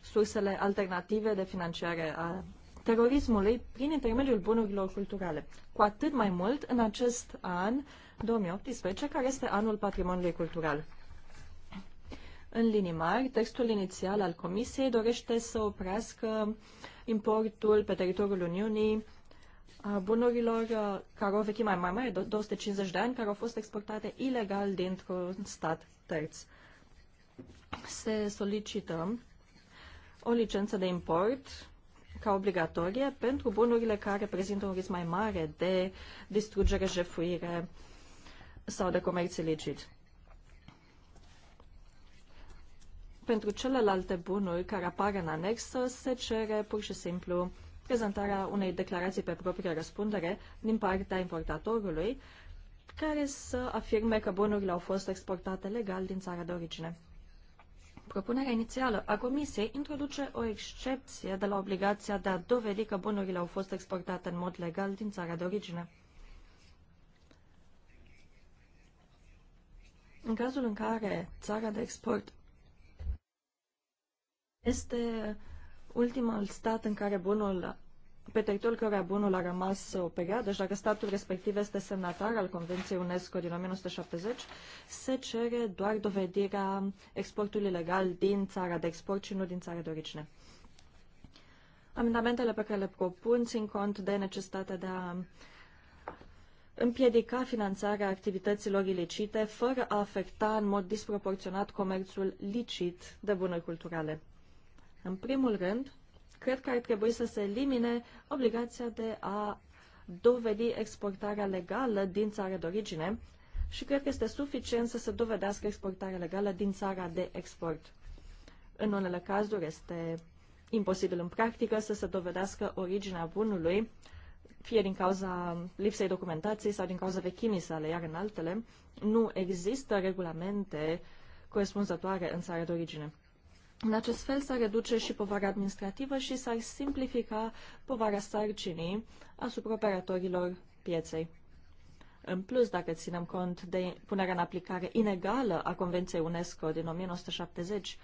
C: sursele alternative de finanțare a terorismului prin intermediul bunurilor culturale. Cu atât mai mult în acest an 2018, care este anul patrimoniului cultural. În linii mari, textul inițial al Comisiei dorește să oprească importul pe teritoriul Uniunii a bunurilor uh, care au vechime mai mare, 250 de ani, care au fost exportate ilegal dintr-un stat terț. Se solicită o licență de import ca obligatorie pentru bunurile care prezintă un risc mai mare de distrugere, jefuire sau de comerț ilicit. Pentru celelalte bunuri care apar în anexă, se cere pur și simplu prezentarea unei declarații pe proprie răspundere din partea importatorului, care să afirme că bunurile au fost exportate legal din țara de origine. Propunerea inițială a Comisiei introduce o excepție de la obligația de a dovedi că bunurile au fost exportate în mod legal din țara de origine. În cazul în care țara de export este ultimul stat în care bunul pe teritoriul căruia bunul a rămas o perioadă și dacă statul respectiv este semnatar al Convenției UNESCO din 1970, se cere doar dovedirea exportului legal din țara de export și nu din țara de origine. Amendamentele pe care le propun țin cont de necesitatea de a împiedica finanțarea activităților ilicite fără a afecta în mod disproporționat comerțul licit de bunuri culturale. În primul rând, cred că ar trebui să se elimine obligația de a dovedi exportarea legală din țara de origine și cred că este suficient să se dovedească exportarea legală din țara de export. În unele cazuri este imposibil în practică să se dovedească originea bunului, fie din cauza lipsei documentației sau din cauza vechimii sale, iar în altele nu există regulamente corespunzătoare în țara de origine. În acest fel s-ar reduce și povara administrativă și s-ar simplifica povara sarcinii asupra operatorilor pieței. În plus, dacă ținem cont de punerea în aplicare inegală a Convenției UNESCO din 1970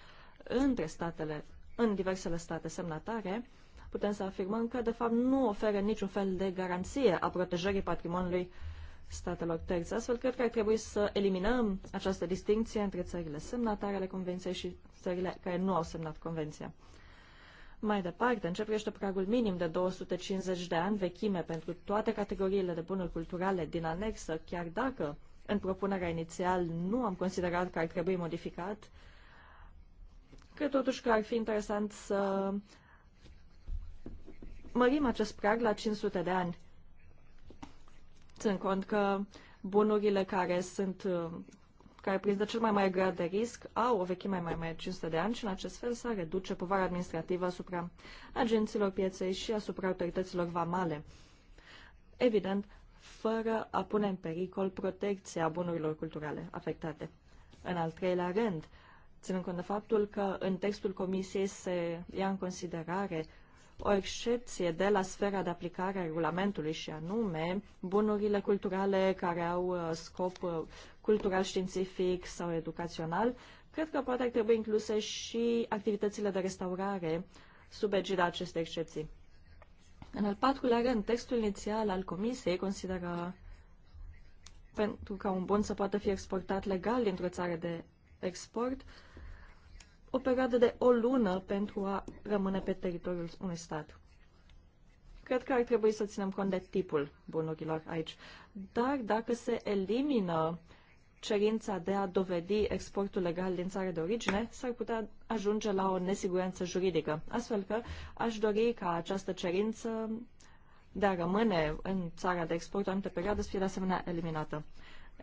C: între statele, în diversele state semnatare, putem să afirmăm că, de fapt, nu oferă niciun fel de garanție a protejării patrimoniului uh, statelor terțe. Astfel, cred că ar trebui să eliminăm această distinție între țările semnatare ale Convenției și țările care nu au semnat Convenția. Mai departe, privește pragul minim de 250 de ani vechime pentru toate categoriile de bunuri culturale din anexă, chiar dacă în propunerea inițial nu am considerat că ar trebui modificat, cred totuși că ar fi interesant să mărim acest prag la 500 de ani țin cont că bunurile care sunt care prezintă cel mai mare grad de risc, au o vechime mai mare de 500 de ani și în acest fel s reduce povara administrativă asupra agenților pieței și asupra autorităților vamale. Evident, fără a pune în pericol protecția bunurilor culturale afectate. În al treilea rând, ținând cont de faptul că în textul comisiei se ia în considerare o excepție de la sfera de aplicare a regulamentului și anume bunurile culturale care au uh, scop uh, cultural, științific sau educațional, cred că poate ar trebui incluse și activitățile de restaurare sub egida acestei excepții. În al patrulea rând, textul inițial al Comisiei consideră pentru ca un bun să poată fi exportat legal dintr-o țară de export, uh, o perioadă de o lună pentru a rămâne pe teritoriul unui stat. Cred că ar trebui să ținem cont de tipul bunurilor aici. Dar dacă se elimină cerința de a dovedi exportul legal din țară de origine, s-ar putea ajunge la o nesiguranță juridică. Astfel că aș dori ca această cerință de a rămâne în țara de export o anumită perioadă să fie de asemenea eliminată.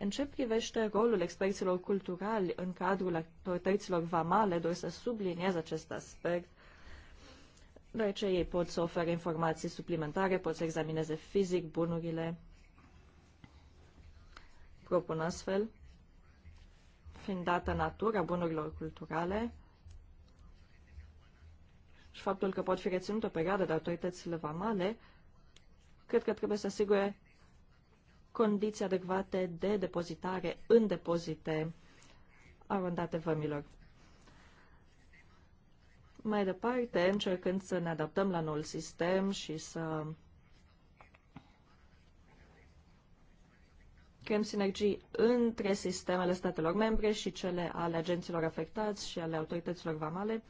C: În ce privește rolul experților culturali în cadrul autorităților vamale, doresc să subliniez acest aspect, deoarece ei pot să ofere informații suplimentare, pot să examineze fizic bunurile. Propun astfel, fiind dată natura bunurilor culturale și faptul că pot fi reținute o perioadă de autoritățile vamale, cred că trebuie să asigure condiții adecvate de depozitare în depozite arondate vămilor. Mai departe, încercând să ne adaptăm la noul sistem și să creăm sinergii între sistemele statelor membre și cele ale agenților afectați și ale autorităților vamale,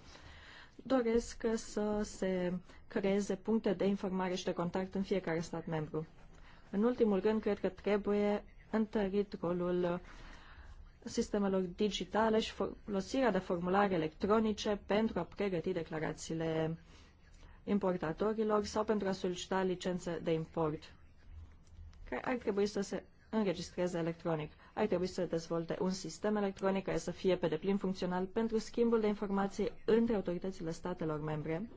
C: doresc să se creeze puncte de informare și de contact în fiecare stat membru. În ultimul rând, cred că trebuie întărit rolul sistemelor digitale și folosirea de formulare electronice pentru a pregăti declarațiile importatorilor sau pentru a solicita licențe de import, care ar trebui să se înregistreze electronic. Ar trebui să dezvolte un sistem electronic care să fie pe deplin funcțional pentru schimbul de informații între autoritățile statelor membre,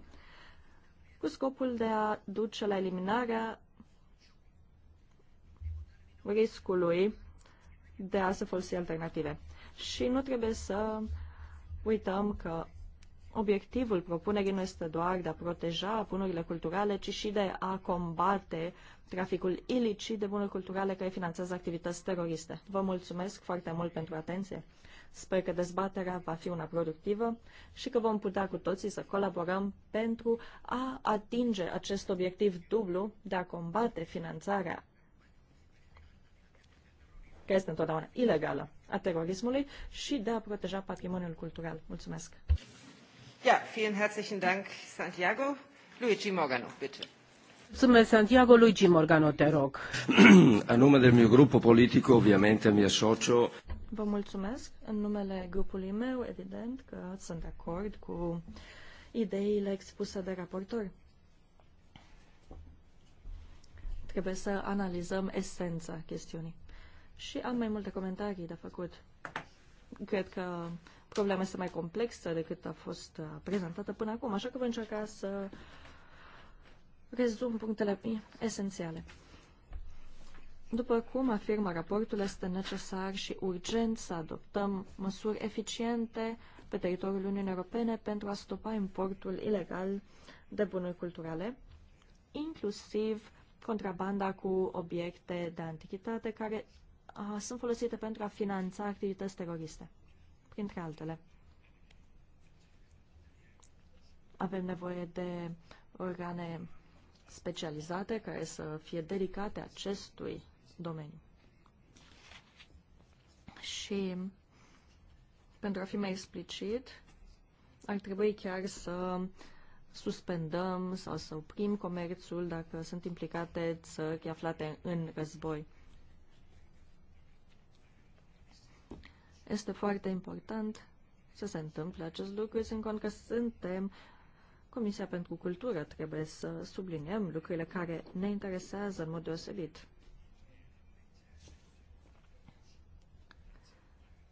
C: cu scopul de a duce la eliminarea riscului de a se folosi alternative. Și nu trebuie să uităm că obiectivul propunerii nu este doar de a proteja bunurile culturale, ci și de a combate traficul ilicit de bunuri culturale care finanțează activități teroriste. Vă mulțumesc foarte mult pentru atenție. Sper că dezbaterea va fi una productivă și că vom putea cu toții să colaborăm pentru a atinge acest obiectiv dublu de a combate finanțarea care este întotdeauna ilegală, a terorismului și de a proteja patrimoniul cultural. Mulțumesc!
A: Ja, vielen herzlichen Dank,
C: Santiago. Luigi Morgano, bitte. Mulțumesc,
A: Santiago. Luigi Morgano, te rog.
C: a nume del mio gruppo politico, ovviamente, mi asocio. Vă mulțumesc. În numele grupului meu, evident că sunt de acord cu ideile expuse de raportor. Trebuie să analizăm esența chestiunii și am mai multe comentarii de făcut. Cred că problema este mai complexă decât a fost uh, prezentată până acum, așa că voi încerca să rezum punctele esențiale. După cum afirmă raportul, este necesar și urgent să adoptăm măsuri eficiente pe teritoriul Uniunii Europene pentru a stopa importul ilegal de bunuri culturale, inclusiv contrabanda cu obiecte de antichitate care sunt folosite pentru a finanța activități teroriste, printre altele. Avem nevoie de organe specializate care să fie dedicate acestui domeniu. Și pentru a fi mai explicit, ar trebui chiar să suspendăm sau să oprim comerțul dacă sunt implicate țări aflate în război. Este foarte important să se întâmple acest lucru, ținând cont că suntem Comisia pentru Cultură. Trebuie să subliniem lucrurile care ne interesează în mod deosebit.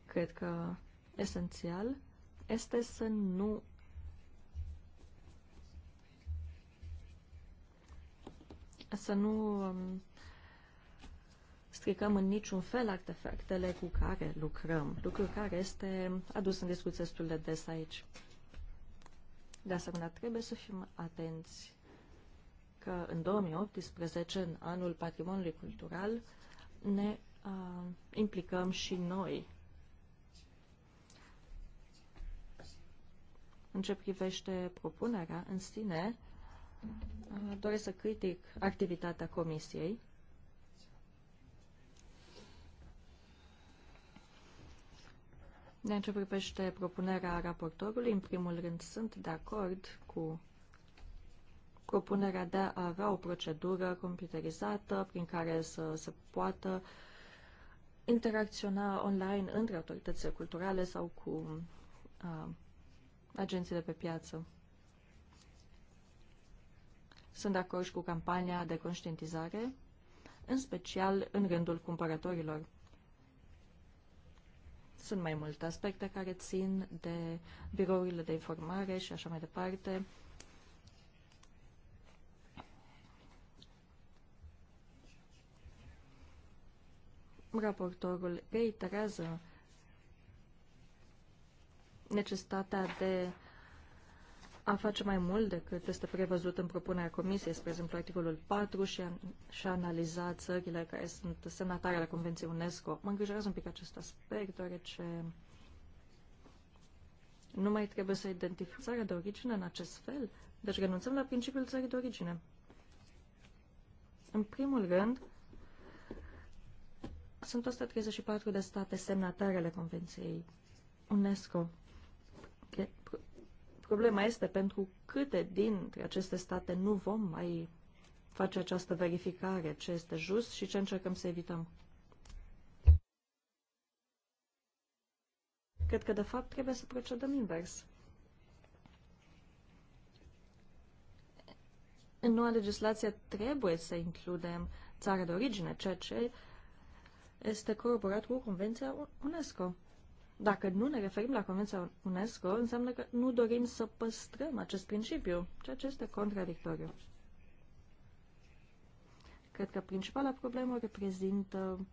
C: Cred că esențial este să nu să nu um, stricăm în niciun fel artefactele cu care lucrăm, lucru care este adus în discuție destul de des aici. De asemenea, trebuie să fim atenți că în 2018, în anul patrimoniului cultural, ne a, implicăm și noi. În ce privește propunerea în sine, doresc să critic activitatea Comisiei De ce privește propunerea raportorului, în primul rând sunt de acord cu propunerea de a avea o procedură computerizată prin care să se poată interacționa online între autoritățile culturale sau cu a, agențiile pe piață. Sunt de acord și cu campania de conștientizare, în special în rândul cumpărătorilor. Sunt mai multe aspecte care țin de birourile de informare și așa mai departe. Raportorul reiterează necesitatea de am face mai mult decât este prevăzut în propunerea Comisiei, spre exemplu articolul 4 și, a, și analiza țările care sunt semnatare ale Convenției UNESCO. Mă îngrijorează un pic acest aspect, deoarece nu mai trebuie să identificăm țara de origine în acest fel, deci renunțăm la principiul țării de origine. În primul rând, sunt 134 de state semnatare ale Convenției UNESCO Problema este pentru câte dintre aceste state nu vom mai face această verificare, ce este just și ce încercăm să evităm. Cred că, de fapt, trebuie să procedăm invers. În noua legislație trebuie să includem țara de origine, ceea ce este coroborat cu Convenția UNESCO. Dacă nu ne referim la Convenția UNESCO, înseamnă că nu dorim să păstrăm acest principiu, ceea ce este contradictoriu. Cred că principala problemă reprezintă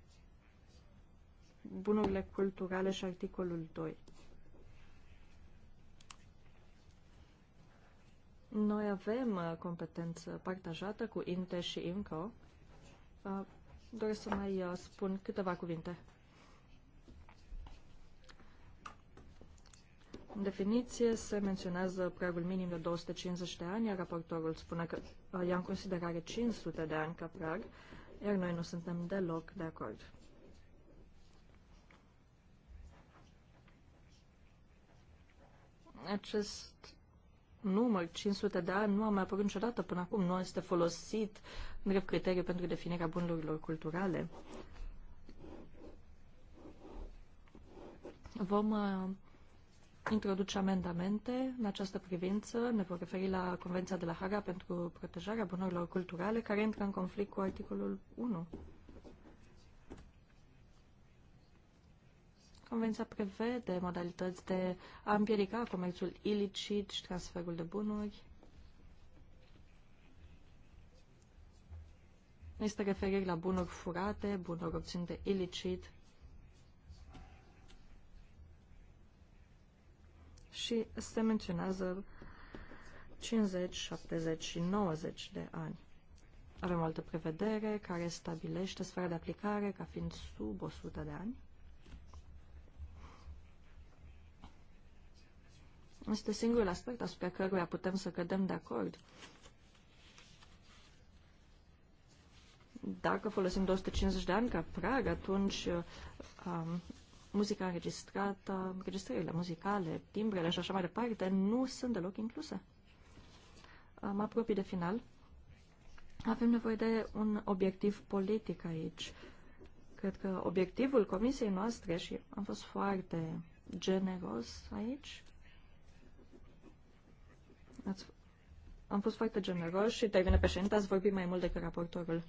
C: bunurile culturale și articolul 2. Noi avem uh, competență partajată cu INTE și INCO. Uh, doresc să mai uh, spun câteva cuvinte. În definiție se menționează pragul minim de 250 de ani, iar raportorul spune că ia în considerare 500 de ani ca prag, iar noi nu suntem deloc de acord. Acest număr, 500 de ani, nu a mai apărut niciodată până acum, nu este folosit în drept criteriu pentru definirea bunurilor culturale. Vom uh, introduce amendamente în această privință. Ne vor referi la Convenția de la Haga pentru protejarea bunurilor culturale, care intră în conflict cu articolul 1. Convenția prevede modalități de a împiedica comerțul ilicit și transferul de bunuri. Este referiri la bunuri furate, bunuri obținute ilicit, și se menționează 50, 70 și 90 de ani. Avem o altă prevedere care stabilește sfera de aplicare ca fiind sub 100 de ani. Este singurul aspect asupra căruia putem să cădem de acord. Dacă folosim 250 de ani ca prag, atunci um, muzica înregistrată, înregistrările muzicale, timbrele și așa mai departe, nu sunt deloc incluse. Mă apropii de final. Avem nevoie de un obiectiv politic aici. Cred că obiectivul comisiei noastre, și am fost foarte generos aici, ați, am fost foarte generos și, termină președinte, ați vorbit mai mult decât raportorul.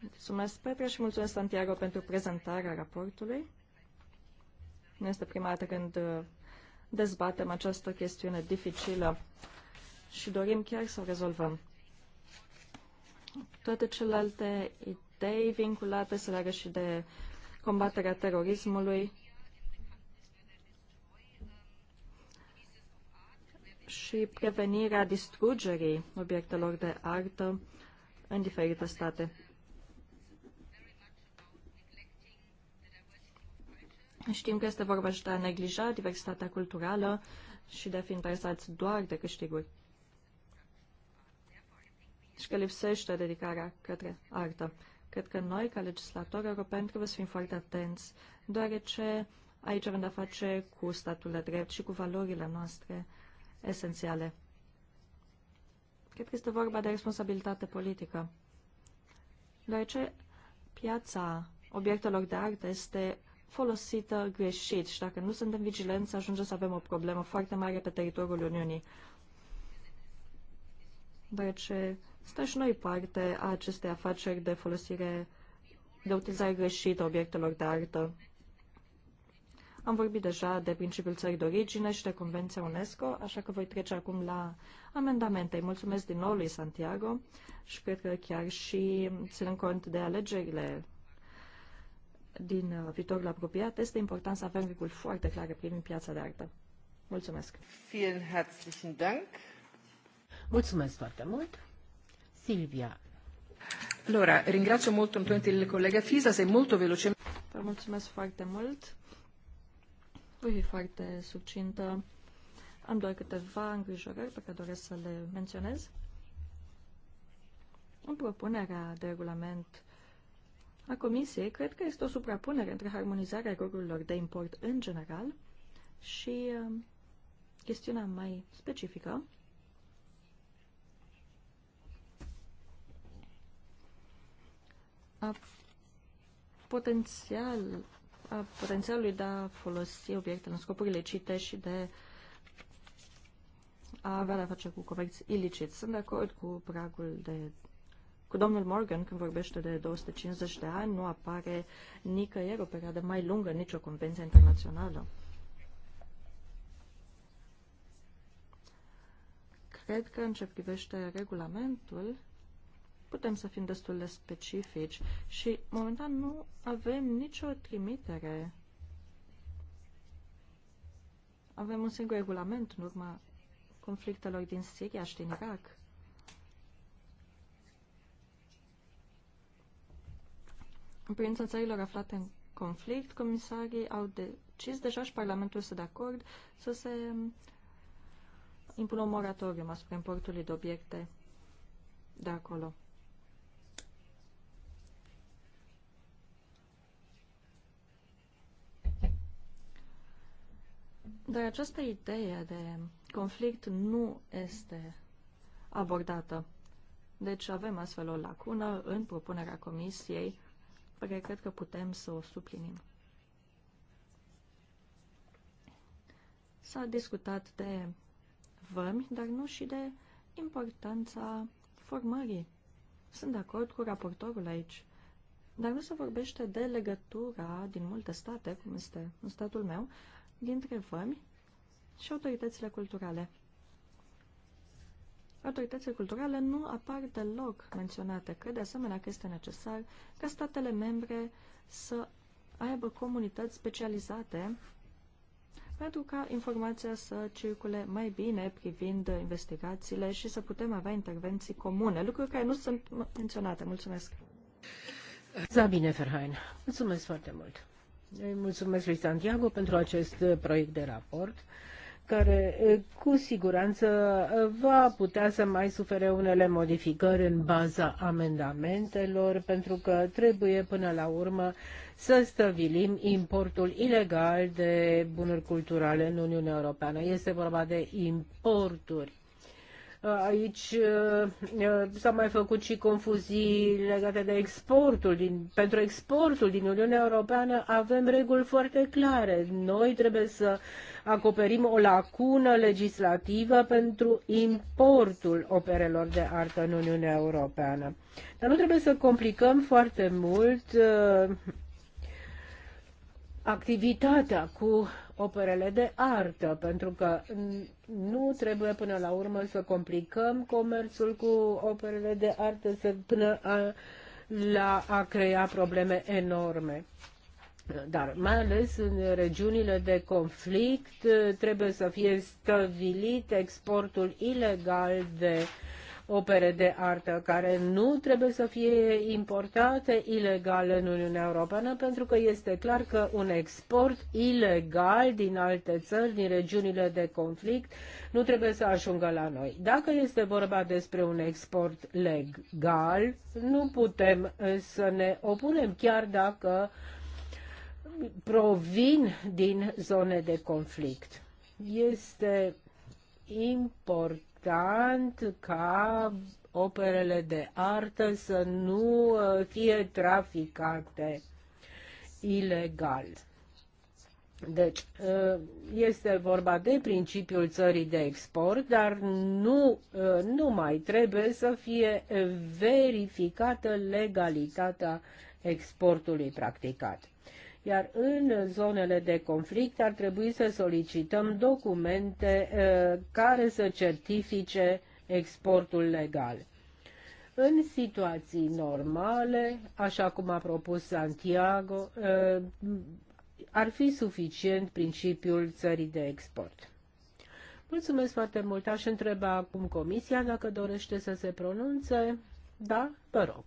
C: Mulțumesc, Petra, și mulțumesc, Santiago, pentru prezentarea raportului. Nu este prima dată când uh, dezbatem această chestiune dificilă și dorim chiar să o rezolvăm. Toate celelalte idei vinculate se leagă și de combaterea terorismului și prevenirea distrugerii obiectelor de artă în diferite state. Știm că este vorba și de a neglija diversitatea culturală și de a fi interesați doar de câștiguri. Și că lipsește dedicarea către artă. Cred că noi, ca legislatori europeni, trebuie să fim foarte atenți, deoarece aici avem de-a face cu statul de drept și cu valorile noastre esențiale. Cred că este vorba de responsabilitate politică. Deoarece piața obiectelor de artă este folosită greșit și dacă nu suntem vigilenți, ajungem să avem o problemă foarte mare pe teritoriul Uniunii. Deoarece stă și noi parte a acestei afaceri de folosire, de utilizare greșită a obiectelor de artă. Am vorbit deja de principiul țării de origine și de Convenția UNESCO, așa că voi trece acum la amendamente. Îi mulțumesc din nou lui Santiago și cred că chiar și ținând cont de alegerile din uh, viitorul apropiat, este important să avem reguli foarte clare privind piața de artă. Mulțumesc!
A: Vielen herzlichen Dank! Mulțumesc foarte mult! Silvia!
C: Allora, ringrazio molto un il collega Fisa, sei molto veloce. Vă mulțumesc foarte mult! Voi fi foarte succintă. Am doar câteva îngrijorări pe care doresc să le menționez. În propunerea de regulament a Comisiei, cred că este o suprapunere între harmonizarea rolurilor de import în general și um, chestiunea mai specifică a, potențial, a potențialului de a folosi obiectele în scopuri ilicite și de a avea de-a face cu comerț ilicit. Sunt de acord cu pragul de cu domnul Morgan, când vorbește de 250 de ani, nu apare nicăieri o perioadă mai lungă, nicio convenție internațională. Cred că în ce privește regulamentul, putem să fim destul de specifici și momentan nu avem nicio trimitere. Avem un singur regulament în urma conflictelor din Siria și din Irak. În privința țărilor aflate în conflict, comisarii au decis deja și Parlamentul să de acord să se impună un moratorium asupra importului de obiecte de acolo. Dar această idee de conflict nu este abordată. Deci avem astfel o lacună în propunerea Comisiei pe care cred că putem să o suplinim. S-a discutat de vămi, dar nu și de importanța formării. Sunt de acord cu raportorul aici, dar nu se vorbește de legătura din multe state, cum este în statul meu, dintre vămi și autoritățile culturale autoritățile culturale nu apar deloc menționate. Cred de asemenea că este necesar ca statele membre să aibă comunități specializate pentru ca informația să circule mai bine privind investigațiile și să putem avea intervenții comune, lucruri care nu sunt menționate. Mulțumesc!
A: Zabine Ferhain,
C: mulțumesc foarte mult!
A: Mulțumesc lui Santiago pentru acest proiect de raport care eh, cu siguranță eh, va putea să mai sufere unele modificări în baza amendamentelor, pentru că trebuie până la urmă să stăvilim importul ilegal de bunuri culturale în Uniunea Europeană. Este vorba de importuri Aici uh, s-au mai făcut și confuzii legate de exportul. Din, pentru exportul din Uniunea Europeană avem reguli foarte clare. Noi trebuie să acoperim o lacună legislativă pentru importul operelor de artă în Uniunea Europeană. Dar nu trebuie să complicăm foarte mult uh, activitatea cu operele de artă, pentru că nu trebuie până la urmă să complicăm comerțul cu operele de artă să, până a, la a crea probleme enorme. Dar mai ales în regiunile de conflict trebuie să fie stăvilit exportul ilegal de uh, opere de artă care nu trebuie să fie importate ilegal în Uniunea Europeană, pentru că este clar că un export ilegal din alte țări, din regiunile de conflict, nu trebuie să ajungă la noi. Dacă este vorba despre un export legal, nu putem eh, să ne opunem chiar dacă provin din zone de conflict. Este important important ca operele de artă să nu uh, fie traficate ilegal. Deci, uh, este vorba de principiul țării de export, dar nu, uh, nu mai trebuie să fie verificată legalitatea exportului practicat iar în zonele de conflict ar trebui să solicităm documente uh, care să certifice exportul legal. În situații normale, așa cum a propus Santiago, uh, ar fi suficient principiul țării de export. Mulțumesc foarte mult. Aș întreba acum Comisia dacă dorește să se pronunțe. Da? Vă rog.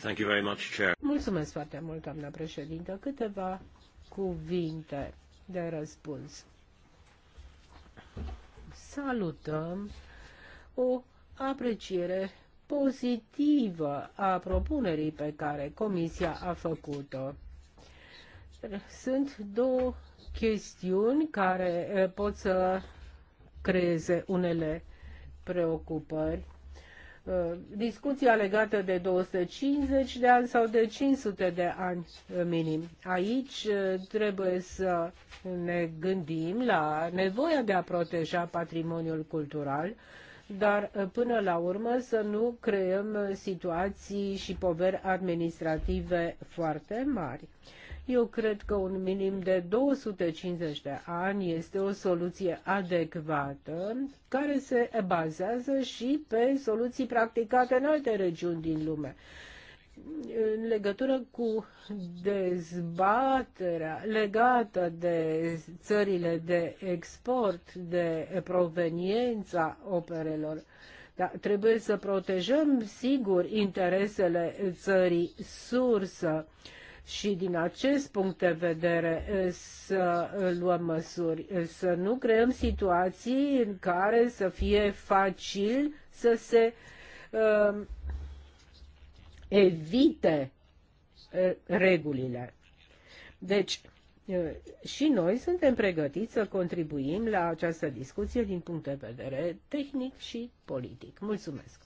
A: Thank you very much, Chair. Mulțumesc foarte mult, doamna președintă. Câteva cuvinte de răspuns. Salutăm o apreciere pozitivă a propunerii pe care Comisia a făcut-o. Sunt două chestiuni care eh, pot să creeze unele preocupări Uh, discuția legată de 250 de ani sau de 500 de ani minim. Aici uh, trebuie să ne gândim la nevoia de a proteja patrimoniul cultural, dar uh, până la urmă să nu creăm situații și poveri administrative foarte mari. Eu cred că un minim de 250 de ani este o soluție adecvată care se bazează și pe soluții practicate în alte regiuni din lume în legătură cu dezbaterea legată de țările de export, de proveniența operelor, da, trebuie să protejăm, sigur, interesele țării sursă. Uh, și din acest punct de vedere să luăm măsuri, să nu creăm situații în care să fie facil să se uh, evite uh, regulile. Deci, uh, și noi suntem pregătiți să contribuim la această discuție din punct de vedere tehnic și politic.
C: Mulțumesc!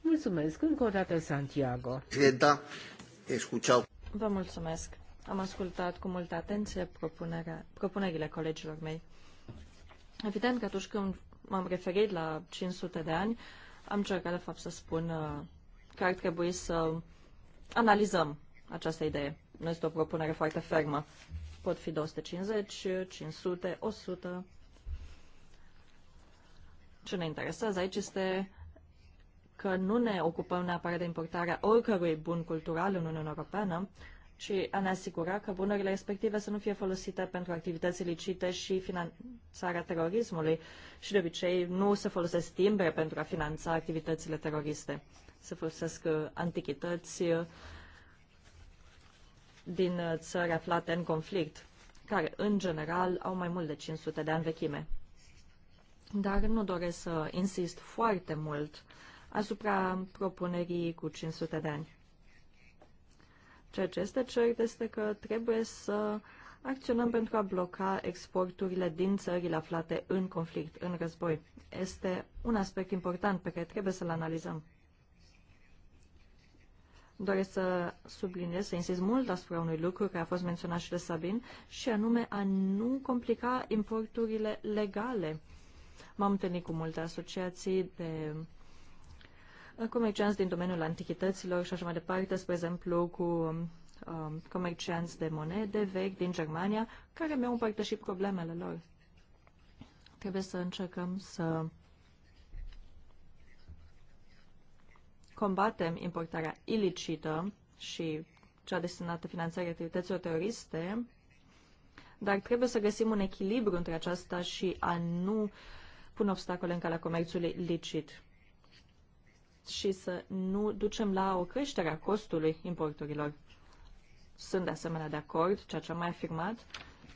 C: Mulțumesc încă o dată, Santiago. Da, escuchado. Vă mulțumesc. Am ascultat cu multă atenție propunerea, propunerile colegilor mei. Evident că atunci când m-am referit la 500 de ani, am încercat, de fapt să spun uh, că ar trebui să analizăm această idee. Nu este o propunere foarte fermă. Pot fi 250, 500, 100. Ce ne interesează aici este că nu ne ocupăm neapărat de importarea oricărui bun cultural în Uniunea Europeană, ci a ne asigura că bunurile respective să nu fie folosite pentru activități ilicite și finanțarea terorismului și de obicei nu se folosesc timbre pentru a finanța activitățile teroriste. Se folosesc uh, antichități uh, din uh, țări aflate în conflict, care în general au mai mult de 500 de ani vechime. Dar nu doresc să insist foarte mult uh, asupra propunerii cu 500 de ani. Ceea ce este cert este că trebuie să acționăm pentru a bloca exporturile din țările aflate în conflict, în război. Este un aspect important pe care trebuie să-l analizăm. Doresc să subliniez, să insist mult asupra unui lucru care a fost menționat și de Sabin, și anume a nu complica importurile legale. M-am întâlnit cu multe asociații de comercianți din domeniul antichităților și așa mai departe, spre exemplu cu um, comercianți de monede vechi din Germania, care mi-au împărtășit problemele lor. Trebuie să încercăm să combatem importarea ilicită și cea destinată finanțării activităților teroriste, dar trebuie să găsim un echilibru între aceasta și a nu pune obstacole în calea comerțului licit și să nu ducem la o creștere a costului importurilor. Sunt de asemenea de acord, ceea ce am mai afirmat,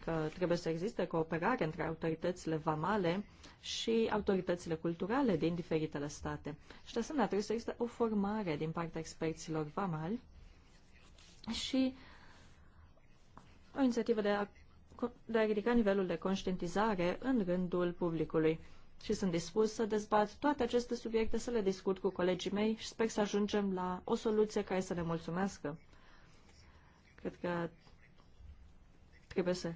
C: că trebuie să existe cooperare între autoritățile vamale și autoritățile culturale din diferitele state. Și de asemenea trebuie să existe o formare din partea experților vamali și o inițiativă de a, de a ridica nivelul de conștientizare în rândul publicului și sunt dispus să dezbat toate aceste subiecte, să le discut cu colegii mei și sper să ajungem la o soluție care să ne mulțumească. Cred că trebuie să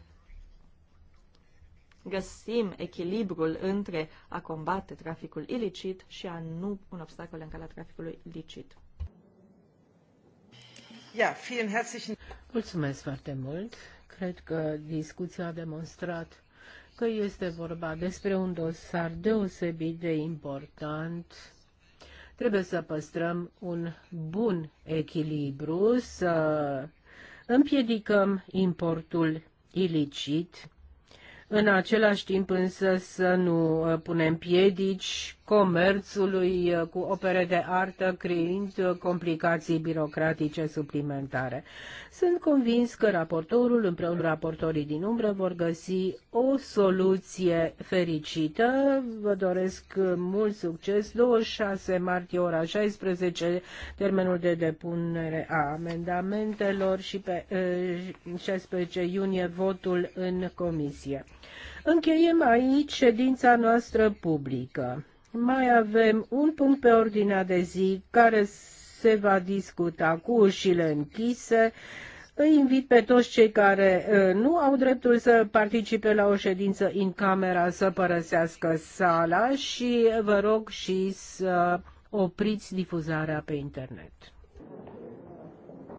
C: găsim echilibrul între a combate traficul ilicit și a nu un obstacol în calea traficului ilicit.
A: Mulțumesc foarte mult. Cred că discuția a demonstrat că este vorba despre un dosar deosebit de important. Trebuie să păstrăm un bun echilibru, să împiedicăm importul ilicit în același timp însă să nu uh, punem piedici comerțului uh, cu opere de artă, creând uh, complicații birocratice suplimentare. Sunt convins că raportorul împreună raportorii din umbră vor găsi o soluție fericită. Vă doresc mult succes. 26 martie, ora 16, termenul de depunere a amendamentelor și pe 16 iunie votul în comisie. Încheiem aici ședința noastră publică. Mai avem un punct pe ordinea de zi care se va discuta cu ușile închise. Îi invit pe toți cei care uh, nu au dreptul să participe la o ședință în camera să părăsească sala și vă rog și să opriți difuzarea pe internet.